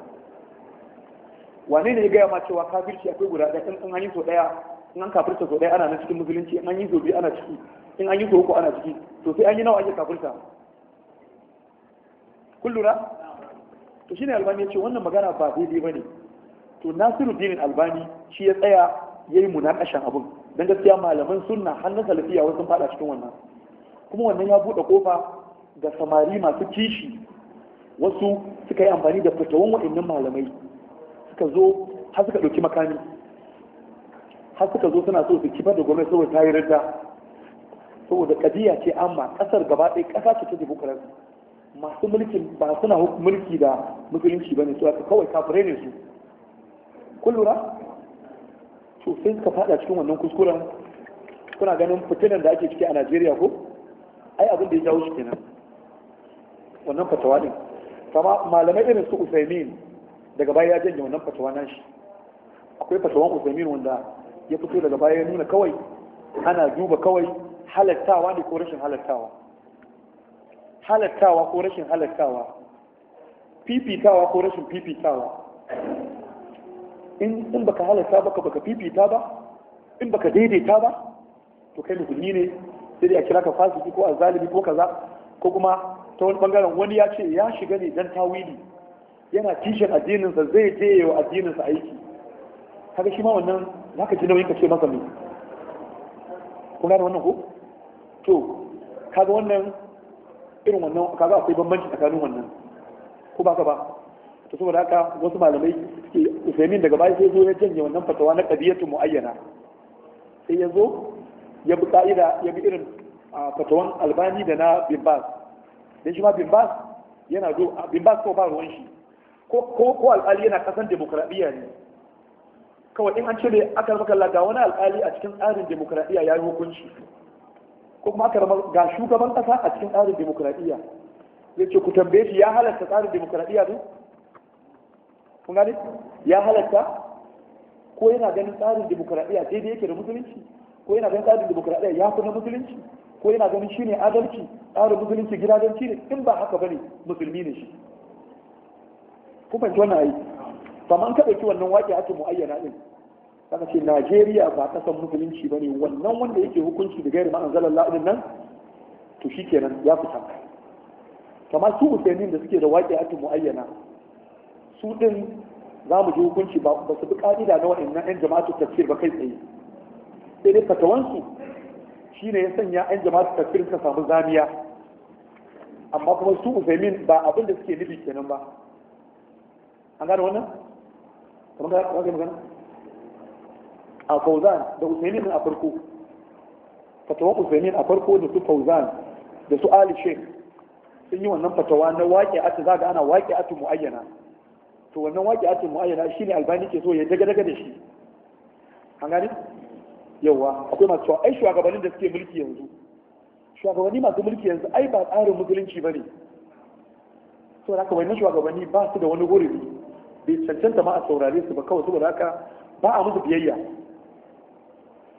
wane ne ya gaya ma cewa kafirci akwai guda ɗaya in an yi so ɗaya in an kafirta so ɗaya ana na cikin musulunci in an yi so biyu ana ciki in an yi so uku ana ciki to sai an yi nawa ake kafirta kun lura to shine albani ya ce wannan magana ba daidai ba ne to nasiru dinin albani shi ya tsaya ya yi munakashin abin don gaskiya malaman sunna har na salafiya wasu faɗa cikin wannan kuma wannan ya buɗe kofa Da samari masu kishi wasu suka yi amfani da fatawan waɗannan malamai suka zo har suka ɗauki makami har suka zo suna so su kifar da gwamnati saboda ta yi saboda kadiya ce amma ƙasar gaba ɗaya ƙasa ce ta demokarasi masu mulki ba suna mulki da musulunci ba ne su aka kawai kafirai ne su kun lura to sai suka faɗa cikin wannan kuskuren kuna ganin fitinan da ake ciki a najeriya ko ai abin da ya jawo shi kenan wannan fatawa din kama malamai irin su usaimin daga baya ya janye wannan fatawa nan shi akwai fatawan usaimin wanda ya fito daga baya ya nuna kawai ana duba kawai halattawa ne ko rashin halattawa halattawa ko rashin halattawa fifitawa ko rashin fifitawa in in baka halatta baka baka fifita ba in baka daidaita ba to kai musulmi ne sai dai a kira ka fasiki ko zalibi ko kaza ko kuma ta wani bangaren wani ya ce ya shiga ne dan tawili yana kishin addininsa zai je yi wa addininsa aiki kaga shi ma wannan za ka ji nauyin ka ce masa ne kuma da wannan ko to kaga wannan irin wannan kaga akwai bambanci tsakanin wannan ko ba ka ba to saboda haka wasu malamai suke usaimin daga baya sai zo ya janye wannan fatawa na mu muayyana sai ya zo ya bi ka'ida ya bi irin fatawan albani da na bin dan shi ma bin bas yana do bin bas ko ba ruwan shi ko ko ko yana kasan demokradiyya ne kawai in an ce cire aka kalla ga wani al'ali a cikin tsarin demokradiyya ya yi hukunci ko kuma aka ga shugaban ƙasa a cikin tsarin demokradiyya zai ce ku tambaye shi ya halatta tsarin demokradiyya ne kun gane ya halatta ko yana ganin tsarin demokradiyya daidai yake da musulunci ko yana ganin tsarin demokradiyya ya fi na musulunci ko yana ganin shi ne adalci tsarin musulunci gidadanci ne in ba haka bane musulmi ne shi ku fahimci wannan ayi amma an ki wannan waƙe ake mu'ayyana din. saka ce najeriya ba kasan musulunci ba ne wannan wanda yake hukunci da gairi ma'anzalar la'adin nan to shi kenan ya fita kama su usainin da suke da waƙe ake mu'ayyana su ɗin za mu ji hukunci ba su bi ƙa'ida na waɗannan 'yan jama'atu tafsir ba kai tsaye sai dai fatawansu shi ne ya sanya an jama'atu tafsir suka samu zamiya amma kuma su uzaimin ba abin da suke nufi kenan ba an gane wannan ga da kamar magana a fauzan da uzaimin a farko Fatawa uzaimin a farko da su fauzan da su ali sheikh sun yi wannan fatawa na waƙe atu za ga ana waƙe atu mu'ayyana to wannan waƙe atu mu'ayyana shine albani ke so ya daga daga da shi an gane yawa akwai masu cewa ai shugabannin da suke mulki yanzu shugabanni masu mulki yanzu ai ba tsarin musulunci ba ne so haka wannan shugabanni ba su da wani gurbi bai cancanta ma a saurare su ba kawai saboda haka ba a musu biyayya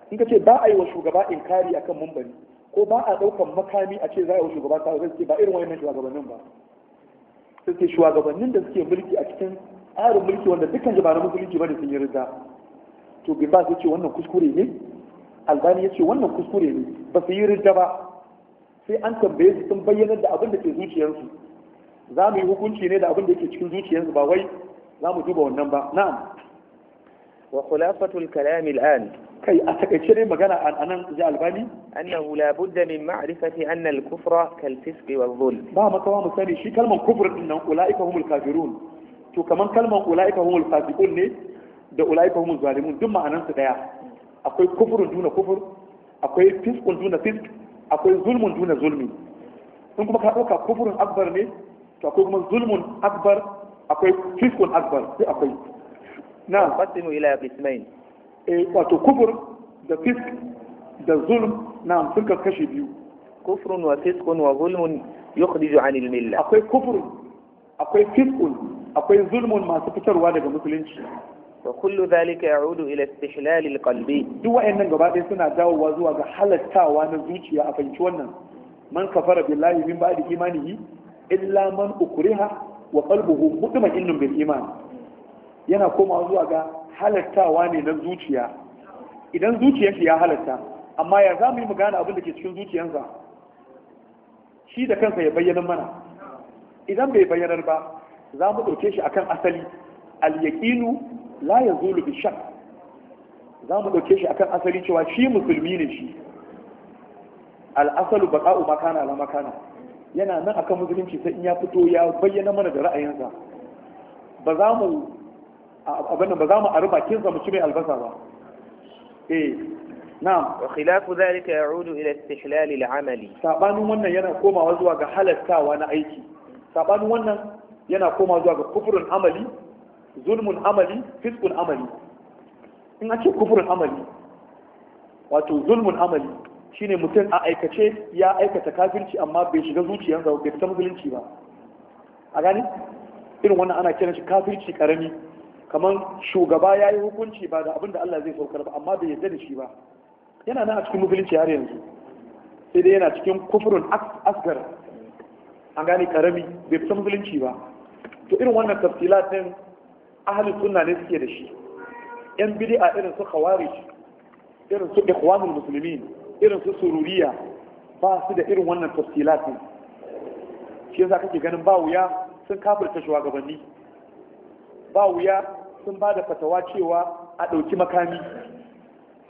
in ka ce ba a yi wa shugaba inkari akan mumbari ko ba a ɗaukan makami a ce za a yi wa shugaba ta suke ba irin wannan shugabannin ba sai ce shugabannin da suke mulki a cikin tsarin mulki wanda dukkan jama'a na musulunci ba ne sun yi rida to bai ba su ce wannan kuskure ne albani ya ce wannan kuskure ne ba su yi rinta ba sai an tambaye su sun bayyana da abin da ke zuciyarsu za mu yi hukunci ne da abin da ke cikin zuciyarsu ba wai za mu duba wannan ba na'am wa khulafatul kalam al'an kai a takaice ne magana a nan ji albani annahu la budda min ma'rifati anna al-kufra kal fisq wa dhulm ba makawa mu sani shi kalmar kufr din nan ulaika humul kafirun to kaman kalmar ulaika humul fasiqun ne da ulaika humul zalimun duk ma'anansu daya akwai kufurin duna kufur akwai fiskun duna fisk akwai zulmun duna zulmi in kuma ka ɗauka kufurin akbar ne to akwai kuma zulmun akbar akwai fiskun akbar sai akwai na fasimu ila bismain eh wato kufur da fisk da zulm na sun kashi biyu kufrun wa fiskun wa zulmun yukhriju anil milla akwai kufur akwai fiskun akwai zulmun masu fitarwa daga musulunci wa kullu zalika ya'udu ila istihlal alqalbi duk wa'annan gaba ɗaya suna dawowa zuwa ga halattawa na zuciya a fahimci wannan man kafara billahi min ba'di imanihi illa man ukriha wa qalbuhu mutma'innun bil iman yana komawa zuwa ga halattawa ne na zuciya idan zuciyarsa ya halatta amma ya za mu yi magana abin da ke cikin zuciyarsa shi da kansa ya bayyana mana idan bai bayyanar ba za mu ɗauke shi akan asali al-yaqinu la yanzu bi shak za mu ɗauke shi akan asali cewa shi musulmi ne shi al'asalu baqa'u makana la makana yana nan akan musulunci sai in ya fito ya bayyana mana da ra'ayinsa ba za mu abin ba za mu arba kinsa mu ci mai albasa ba eh na'am wa khilafu zalika ya'udu ila istihlal al-amali sabanin wannan yana komawa zuwa ga halattawa na aiki sabanin wannan yana komawa zuwa ga kufrun amali zulmun amali fiskun amali in an ce kufurin amali wato zulmun amali shine mutum a aikace ya aikata kafirci amma bai shiga zuciyarsa bai fita musulunci ba a gani irin wannan ana kiran shi kafirci karami kamar shugaba ya yi hukunci ba da abin da Allah zai saukar ba amma bai yarda da shi ba yana nan a cikin musulunci har yanzu sai dai yana cikin kufurin asgar an gane karami bai fita musulunci ba to irin wannan tafsilat din ahalin sunna ne suke da shi yan bid'a irin su khawarij irin su ikhwanul muslimin irin su sururiya ba su da irin wannan tafsilat shi yasa kake ganin ba wuya sun kafirta shugabanni ba wuya sun ba da fatawa cewa a ɗauki makami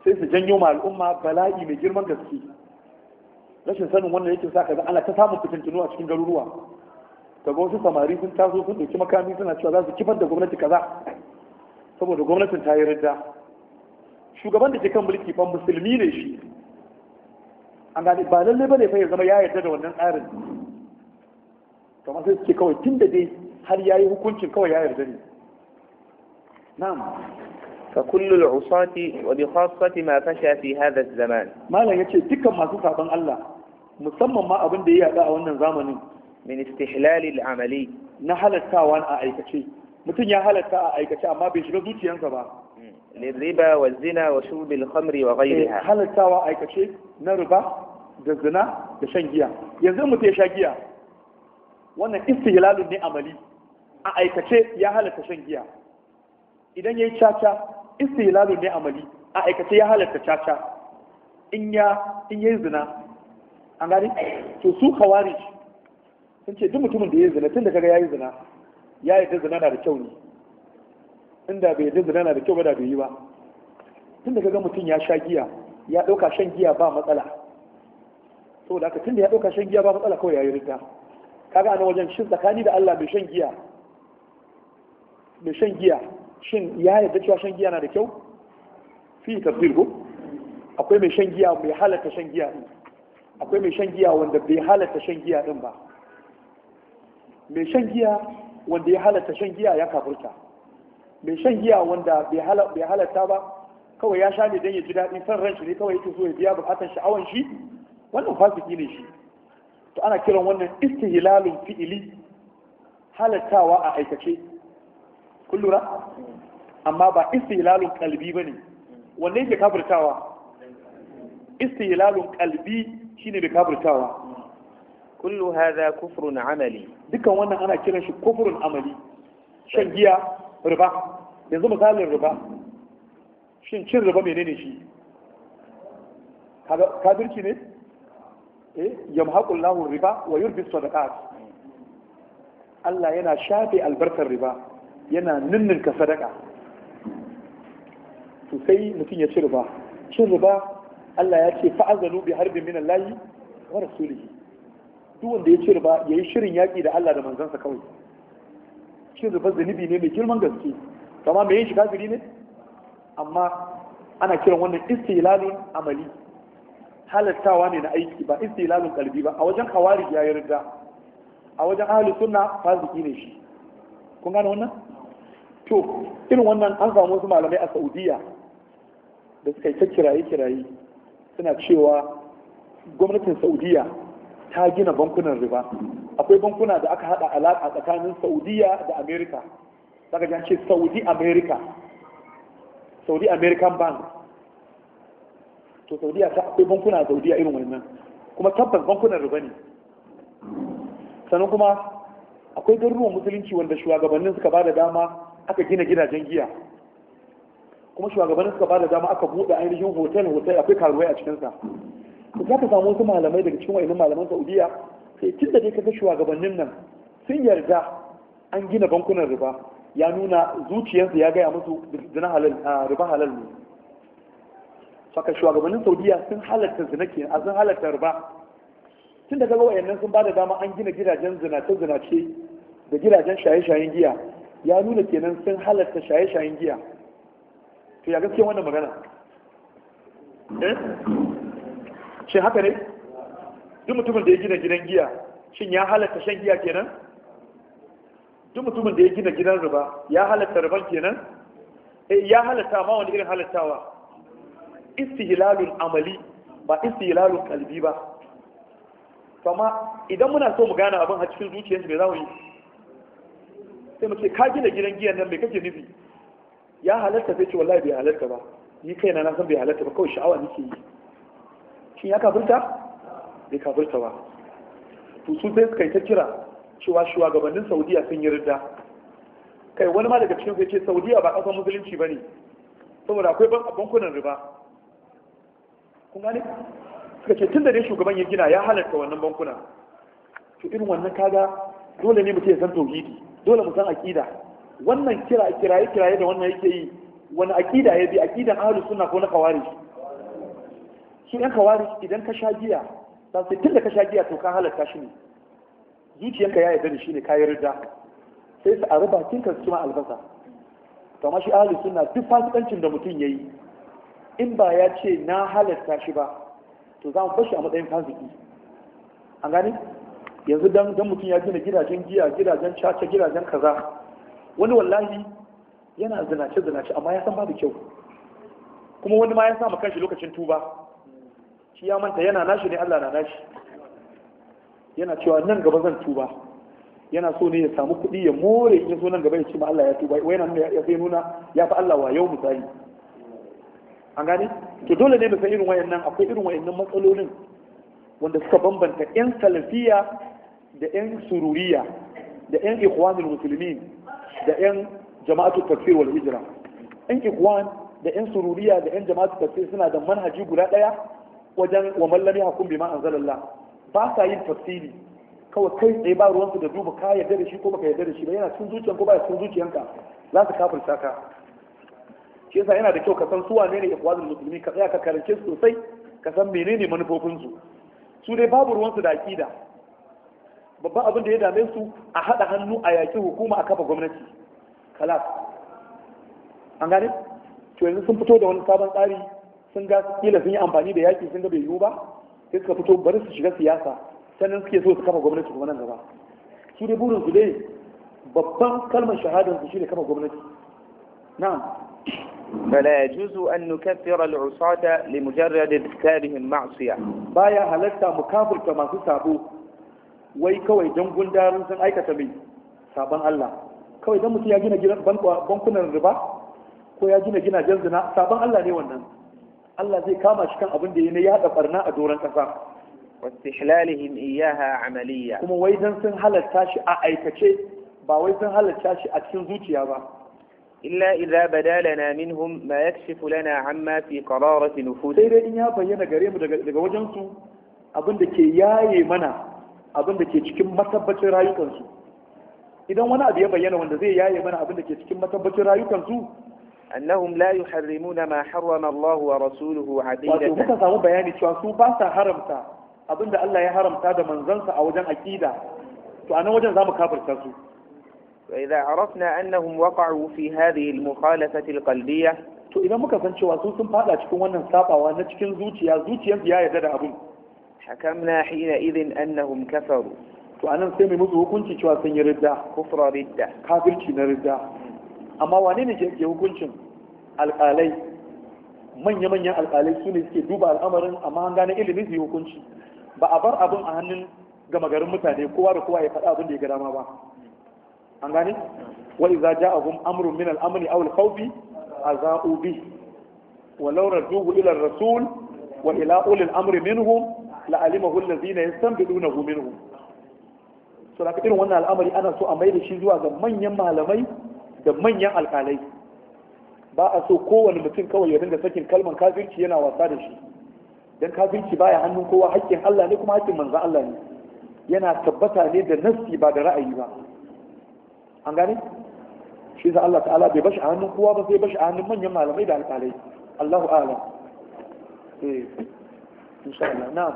sai su janyo ma al'umma bala'i mai girman gaske rashin sanin wannan yake sa ka ga ana ta samu fitintunu a cikin garuruwa kaga wasu samari sun taso sun ɗauki makami suna cewa za su kifar da gwamnati kaza saboda gwamnatin ta yi ridda shugaban da ke kan mulki ban musulmi ne shi an gane ba lallai bane fa ya zama ya yarda da wannan tsarin kamar sai suke kawai tun da dai har ya yi hukuncin kawai ya yarda ne na'am فكل العصاة وبخاصة ما فشى في هذا الزمان ما لا يتشي دكا ما سوف عبان الله مسمى ما أبن دي a wannan zamanin. min istihlali al'amali na halattawa a aikace mutum ya halatta a aikace amma bai shiga zuciyarsa ba hmm. Liriba, wa zina wa shubil khamri wa ghayriha eh, halattawa a aikace na riba da zina da shan giya yanzu mutum ya sha giya wannan istihlalun ne amali a aikace ya halatta shan giya idan yayi caca istihlalun ne amali a aikace ya halatta caca in ya in yayi zina an gani to su khawarij sun ce duk mutumin da ya zina tun da kaga ya yi zina ya yi zina na da kyau ne inda bai yi zina na da kyau ba da bai yi ba tun da kaga mutum ya sha giya ya ɗauka shan giya ba matsala saboda haka tun da ya ɗauka shan giya ba matsala kawai ya yi rita kaga a wajen shi tsakani da Allah mai shan giya mai shan giya shin ya yarda cewa shan giya na da kyau fi tafsir ko akwai mai shan giya mai halatta shan giya din akwai mai shan giya wanda bai halatta shan giya din ba mai shan giya wanda ya halatta shan giya ya kafurta mai shan giya wanda bai halatta ba kawai ya sha ne don ya ji daɗi son ran shi ne kawai yake so ya biya bukatar sha'awan shi wannan fasiki ne shi to ana kiran wannan istihlalun fi'ili halattawa a aikace kun amma ba istihlalun kalbi ne, wanne yake kafirtawa istihlalun kalbi shine bai kafirtawa kullu hadha kufrun amali Dukkan wannan ana kiran shi kufrun amali shan giya riba yanzu misalin riba shin cin riba menene shi kafirci ne eh yamhaqu Allahu riba wa yurbi sadaqat Allah yana shafe albarkar riba yana ninninka sadaka to sai mutum ya ci riba cin riba Allah ya ce fa'azalu bi harbin min Allah wa rasulihi duk wanda ya ce ba ya yi shirin yaƙi da Allah da manzansa kawai shi riba zunubi ne mai girman gaske kama mai yin shi kafiri ne amma ana kiran wannan istilalun amali halattawa ne na aiki ba istilalun kalbi ba a wajen kawari ya yarda a wajen ahli sunna faziki ne shi kun gane wannan to irin wannan an samu wasu malamai a Saudiya da suka yi ta kiraye kiraye suna cewa gwamnatin Saudiya ta gina bankunan riba akwai bankuna da aka hada alaka tsakanin saudiya da america daga jan ce saudi america saudi american bank to saudiya ta akwai bankuna a saudiya irin wannan kuma tabbas bankunan riba ne sannan kuma akwai garuruwan musulunci wanda shugabannin suka ba da dama aka gina gidajen giya kuma shugabannin suka ba da dama aka buɗe ainihin hotel hotel akwai karuwai a cikinsa za ka samu wasu malamai daga cikin wa'annan malaman saudiya sai tun da dai ka ga shugabannin nan sun yarda an gina bankunan riba ya nuna zuciyarsa ya gaya musu zina halal riba halal ne saka shugabannin saudiya sun halatta zina ke a sun halatta riba tun da gaba wa'annan sun bada dama an gina gidajen zinace zinace da gidajen shaye-shayen giya ya nuna kenan sun halatta shaye-shayen giya to ya gaskiya wannan magana eh shi haka ne duk mutumin da ya gina gidan giya shin ya halatta shan giya kenan duk mutumin da ya gina gidan ruba, ya halatta ruban kenan eh ya halatta ma wani irin halattawa istihlalul amali ba istihlalul kalbi ba kuma idan muna so mu gane abin a cikin zuciyarsa bai za yi sai mu ce ka gina gidan giyan nan mai kake nufi ya halatta sai ce wallahi bai halatta ba ni kaina na san bai halatta ba kawai sha'awa nake yi shi ya kafirta bai kafirta ba to su sai suka yi ta kira cewa shugabannin saudiya sun yi ridda kai wani ma daga cikin ce saudiya ba kasar musulunci ba ne saboda akwai bankunan riba kun gane suka ce tun da dai shugaban ya gina ya halarta wannan bankuna to irin wannan kaga dole ne mutum ya san tauhidi dole mu san aqida wannan kira kiraye kiraye da wannan yake yi wani aqida ya bi aqidan ahlus sunna ko na khawarij shi ɗan kawari idan ka sha giya za su tun da ka sha giya to ka halarta shi ne zuciyanka ya yarda da shi ne ka rida sai su arba raba ka su cima albasa to amma shi ahli sunna duk fasikancin da mutum ya yi. in ba ya ce na halarta shi ba to za mu fashi a matsayin fasiki an gane yanzu dan dan mutum ya gina gidajen giya gidajen caca gidajen kaza wani wallahi yana zinace zinace amma ya san babu kyau kuma wani ma ya sa kanshi lokacin tuba shi ya manta yana nashi ne Allah na nashi yana cewa nan gaba zan tuba yana so ne ya samu kuɗi ya more in so nan gaba ya ce ma Allah ya tuba wai nan ya sai nuna ya fi Allah wa yau misali an gane to dole ne mu san irin wayannan akwai irin wayannan matsalolin wanda suka bambanta yan salafiya da yan sururiya da yan ikhwanul muslimin da yan jama'atu tafsir wal hijra yan ikhwan da yan sururiya da yan jama'atu tafsir suna da manhaji guda daya wajen wa mallami hakun bima anzalallah ba sa yin tafsiri kawai kai tsaye ba ruwansu da duba ka yarda da shi ko baka yarda da shi ba yana cikin zuciya ko ba cikin zuciyanka za su kafirta ka shi yasa yana da kyau ka san su wane ne ikhwanul musulmi ka tsaya ka karance su sosai ka san menene manufofin su su dai babu ruwansu da akida babban abin da ya dame su a haɗa hannu a yaƙi hukuma a kafa gwamnati kalas an gane to yanzu sun fito da wani sabon tsari sun ga kila sun yi amfani da yaƙi sun ga bai yiwu ba sai suka fito bari su shiga siyasa sannan suke so su kafa gwamnati kuma nan gaba su dai burin su dai babban kalmar shahadar su shine kafa gwamnati na'am فلا يجوز أن نكفر العصاة لمجرد ارتكابهم معصية بايا هلتا مكافر كما تسابو wai kawai don gundarin sun aikata mai sabon Allah kawai don mutum ya gina bankunan riba ko ya gina gina zina sabon Allah ne wannan Allah zai kama shi kan abin da ya ya haɗa barna a doron ƙasa واستحلالهم إياها عملية كما ويدن سن هل تاشي أعيكتي با ويدن هل تاشي أتسن زوتيا با إلا إذا بدا لنا منهم ما يكشف لنا عما في قرارة نفوس سيدة إن يابا ينا قريم لغا وجنسو أبن دكي ياي منا أبن دكي تكي متبت رايو كنسو إذا وانا أبي يابا ينا وانا زي ياي منا أبن دكي تكي متبت رايو كنسو annahum la yuharrimuna ma harrama Allah wa rasuluhu aqidatan wato muka samu bayani cewa su ba haramta abinda Allah ya haramta da manzansa a wajen aqida to anan wajen zamu kafirta su فإذا عرفنا أنهم وقعوا في هذه المخالفة القلبية to idan muka san cewa su sun fada cikin wannan sabawa na cikin zuciya zuciyar ya yarda da abun hakamna hina idin annahum kafaru to anan sai mai musu hukunci cewa sun yi ridda kufra ridda kafirci na ridda amma wane ne ke hukuncin alƙalai manya-manyan alƙalai su ne suke duba al'amarin amma an gane ilimin su yi hukunci ba a bar abin a hannun gama garin mutane kowa da kowa ya faɗa abin da ya ga dama ba an gane wa idza ja amrun min al aw al-khawf aza'u bi wa law dubu ila ar-rasul wa ila ulil amri minhum la'alimahu allazina yastanbidunahu minhum so da irin wannan al'amari ana so a mai da shi zuwa ga manyan malamai da manyan alƙalai ba a so kowane mutum kawai ya dinga sakin kalman kafirci yana wasa da shi dan kafirci baya hannun kowa haƙƙin Allah ne kuma haƙƙin manzon Allah ne yana tabbata ne da nassi ba da ra'ayi ba an gane shi za Allah ta'ala bai bashi a hannun kowa ba sai bashi a hannun manyan malamai da alƙalai Allahu a'lam eh insha Allah na'am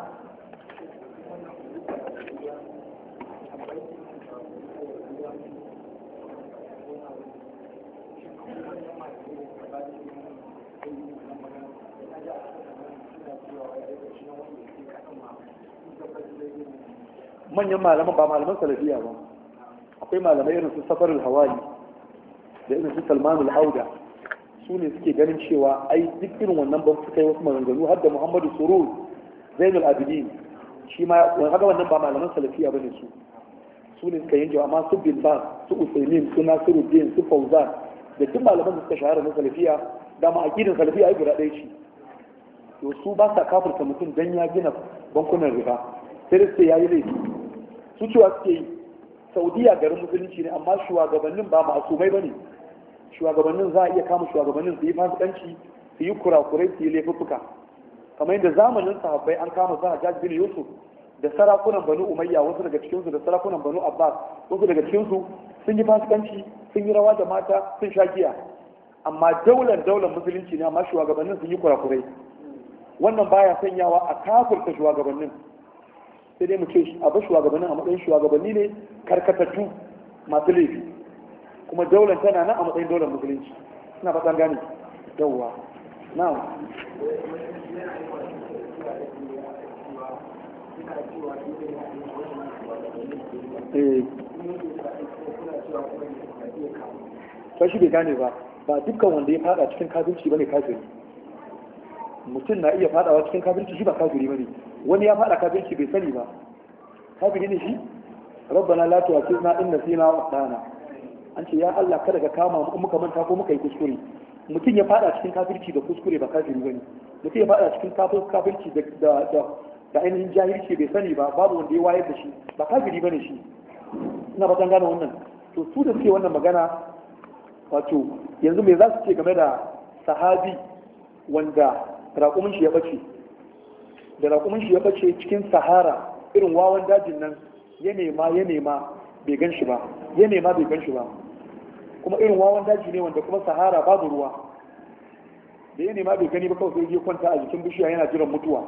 manyan malaman ba malaman salafiya ba akwai malamai irin su safar hawali da irin su salman auda su ne suke ganin cewa ai duk irin wannan ban suka yi wasu maganganu har da muhammadu surur zainul abidin shi ma wani haka wannan ba malaman salafiya ba ne su su ne suka yanke amma su bin ba su usaimin su Nasiru din su fauzan da duk malaman da suka shahara na salafiya dama aqidin salafiya a guda ɗaya ce to su ba sa kafirta mutum dan ya gina bankunan riba sai da ya yi laifi su cewa suke yi saudiya garin musulunci ne amma shugabannin ba ma'asumai ba ne shugabannin za a iya kama shugabannin su yi fasikanci su yi kurakurai su yi laifuffuka kamar yadda zamanin sahabbai an kama za a jajibin yusuf da sarakunan banu umayya wasu daga cikinsu da sarakunan banu abbas wasu daga cikinsu sun yi fasikanci sun yi rawa da mata sun sha giya amma daular daular musulunci ne amma shugabannin sun yi kurakurai wannan baya sanyawa a kafurta shugabannin sai dai mu ce a bar shugabannin a matsayin shugabanni ne karkatattu masu laifi kuma daular tana nan a matsayin daular musulunci suna fatan gane yawwa na'am Eh. ta shi bai gane ba ba dukkan wanda ya fada cikin kafirci bane kafiri mutum na iya fadawa cikin kafirci shi ba kafiri bane wani ya fada kafirci bai sani ba kafiri ne shi rabbana la tu'akhidna in nasina wa akhtana an ce ya Allah kada ka kama mu muka manta ko muka yi kuskure mutum ya fada cikin kafirci da kuskure ba kafiri bane mutum ya fada cikin kafirci da da da ainihin jahilci bai sani ba babu wanda ya wayar da shi ba kafiri bane shi ina batan gane wannan to su da suke wannan magana wato yanzu me za su ce game da sahabi wanda raƙumin shi ya bace da raƙumin shi ya bace cikin sahara irin wawan dajin nan ya nema ya nema bai gan shi ba ya nema bai gan shi ba kuma irin wawan daji ne wanda kuma sahara babu ruwa da ya nema bai gani ba kawai sai ya kwanta a jikin bishiya yana jiran mutuwa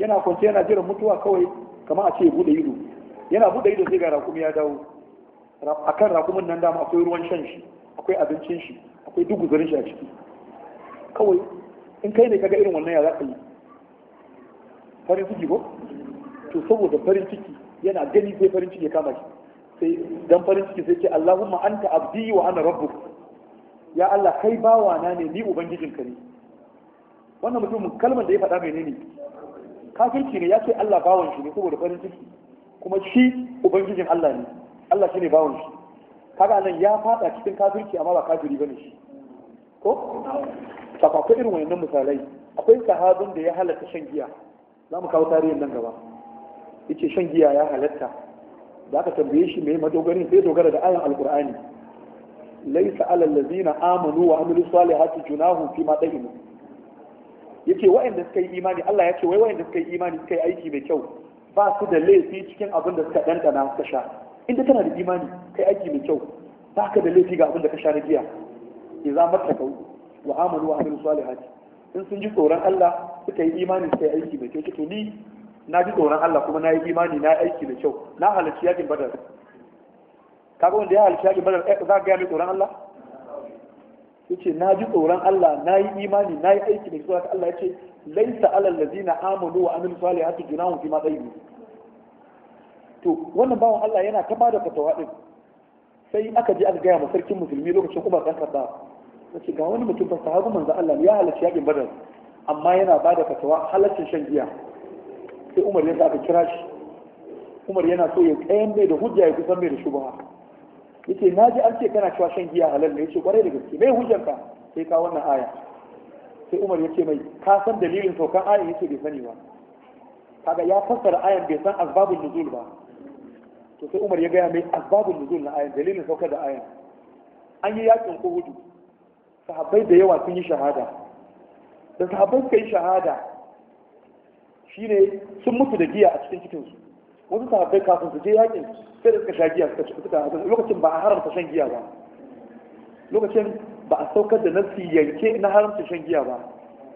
yana kwance yana jiran mutuwa kawai kamar a ce ya bude ido yana bude ido sai ga rakumi ya dawo A kan rakumin nan dama akwai ruwan shan shi akwai abincin shi akwai duk guzarin shi a ciki kawai in kai ne kaga irin wannan ya za ka yi farin ciki ko to saboda farin ciki yana gani sai farin ciki ya kama shi sai dan farin ciki sai ce Allahumma anta abdi wa ana rabbuk ya Allah kai bawana ne ni ubangijinka ne wannan mutum kalmar da ya faɗa menene kafirci ne ya ce Allah bawon shi ne saboda farin ciki kuma shi ubangijin Allah ne Allah shi ne bawan shi kaga nan ya fada cikin kafirci amma ba kafiri bane shi ko sakwakwai irin wannan misalai akwai sahabin da ya halatta shan giya za mu kawo tarihin nan gaba yace shan giya ya halatta Za aka tambaye shi mai madogarin sai dogara da ayan alqur'ani laysa alal ladina amanu wa amilus salihati junahu fi ma yace waɗanda suka yi imani Allah ya ce wai waɗanda suka yi imani suka yi aiki mai kyau ba su da laifi cikin abin da suka dandana suka sha inda kana da imani kai aiki mai kyau ba ka da laifi ga abin da ka sha na giya mata mattaqu wa amanu wa amilu salihati in sun ji tsoron Allah suka yi imani suka yi aiki mai kyau to ni na ji tsoron Allah kuma na yi imani na yi aiki mai kyau na halarci yakin badar kaga wanda ya halarci yakin badar eh, za ka gaya mai tsoron Allah yace na ji tsoron Allah na yi imani na yi aiki da su Allah ya ce laisa alal ladina amanu wa amilu salihati junahum fi ma tayyibu to wannan bawan Allah yana ta bada fatawa din sai aka je aka gaya ma sarkin musulmi lokacin Umar dan Khattab yace ga wani mutum fa sahabu manzo Allah ya halarci yakin Badar amma yana bada fatawa halaccin shan giya sai Umar ya aka kira shi Umar yana so ya kayan mai da hujja ya kusan mai da shubha yace na ji an ce kana cewa shan giya halal ne yace kwarai da gaske mai hujjar ka sai ka wannan aya sai Umar yace mai ka san dalilin saukan ayan yace bai sani ba kaga ya fassara ayan bai san azbabul nuzul ba to sai Umar ya gaya mai azbabul nuzul na ayan dalilin saukar da ayan an yi yakin Uhud sahabbai da yawa sun yi shahada da sahabbai suka yi shahada shine sun mutu da giya a cikin cikinsu wasu sahabbai kafin su je yakin sai da suka sha giya suka suka lokacin ba a haramta shan giya ba lokacin ba a saukar da nasi yanke na haramta shan giya ba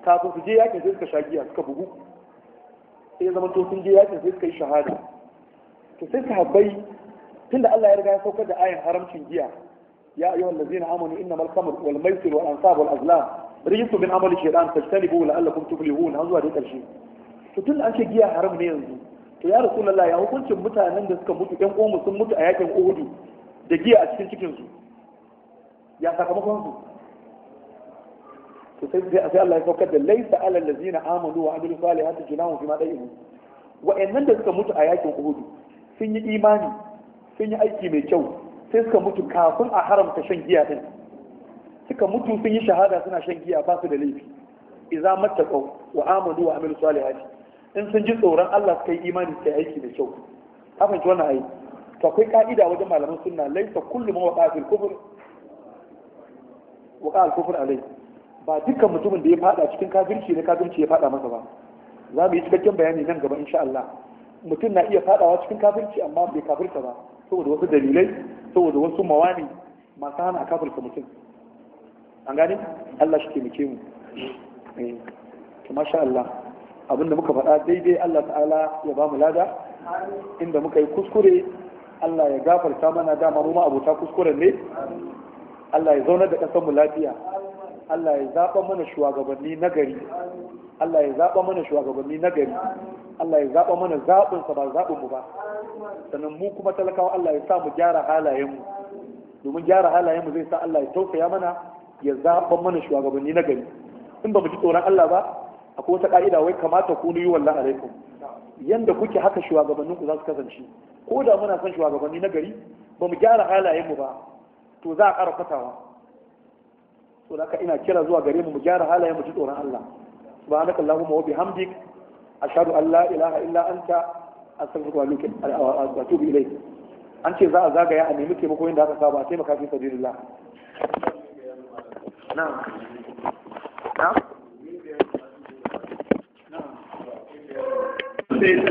kafin su je yakin sai suka sha giya suka bugu sai zama to sun je yakin sai suka yi shahada to sai sahabbai tunda Allah ya riga ya saukar da ayin haramcin giya ya ayyuha allazina amanu innamal khamru wal maisir wal ansab wal azlam rijsu min amali shaytan fajtanibu la'allakum tuflihun har zuwa dai karshe to tunda an ce giya haram ne yanzu to ya rasu rasulullah ya hukuncin mutanen da suka mutu ɗan uwanmu sun mutu a yakin uhudu da giya a cikin cikinsu ya sakamakon su to sai sai Allah ya saukar da laisa alal ladzina amanu wa amilu salihati junahum fi ma dayhum wa'annan da suka mutu a yakin uhudu sun yi imani sun yi aiki mai kyau sai suka mutu kafin a haramta shan giya din suka mutu sun yi shahada suna shan giya ba su da laifi idza mattaqaw wa amanu wa amilu salihati in sun ji tsoron Allah suka yi imani suka aiki da kyau Kafin ji wannan aiki. to akwai ka'ida wajen malaman sunna laisa kullu ma waqa fil kufr waqa al kufr alai ba dukkan mutumin da ya fada cikin kafirci ne kafirci ya fada masa ba za mu yi cikakken bayani nan gaba insha Allah mutum na iya fadawa cikin kafirci amma bai kafirta ba saboda wasu dalilai saboda wasu mawani masu hana a kafirta mutum an gani? Allah shi taimake mu eh, to masha Allah abinda muka faɗa daidai Allah ta'ala ya ba mu lada inda muka yi kuskure Allah ya gafarta mana dama mu ma abota kuskuren ne Allah ya zaunar da ƙasar mu lafiya Allah ya zaɓa mana shugabanni na gari Allah ya zaɓa mana shugabanni na gari Allah ya zaɓa mana zaɓinsa ba zaɓin mu ba sannan mu kuma talakawa Allah ya sa mu gyara halayenmu domin gyara halayenmu zai sa Allah ya tausaya mana ya zaɓa mana shugabanni na gari in ba mu ji tsoron Allah ba akwai wata ka'ida wai kamata ku yi wallahi alaikum yanda kuke haka shugabannin ku za su kasance ko da muna son shugabanni na gari ba mu gyara halayen mu ba to za a ƙara fatawa to da ina kira zuwa gare mu mu gyara halayen mu ji tsoron Allah subhanaka allahumma wa bihamdik ashhadu an la ilaha illa anta astaghfiruka wa atubu ilayk an ce za a zagaya a nemi taimako yadda aka saba a taimaka fi sabilillah na'am na'am Gracias.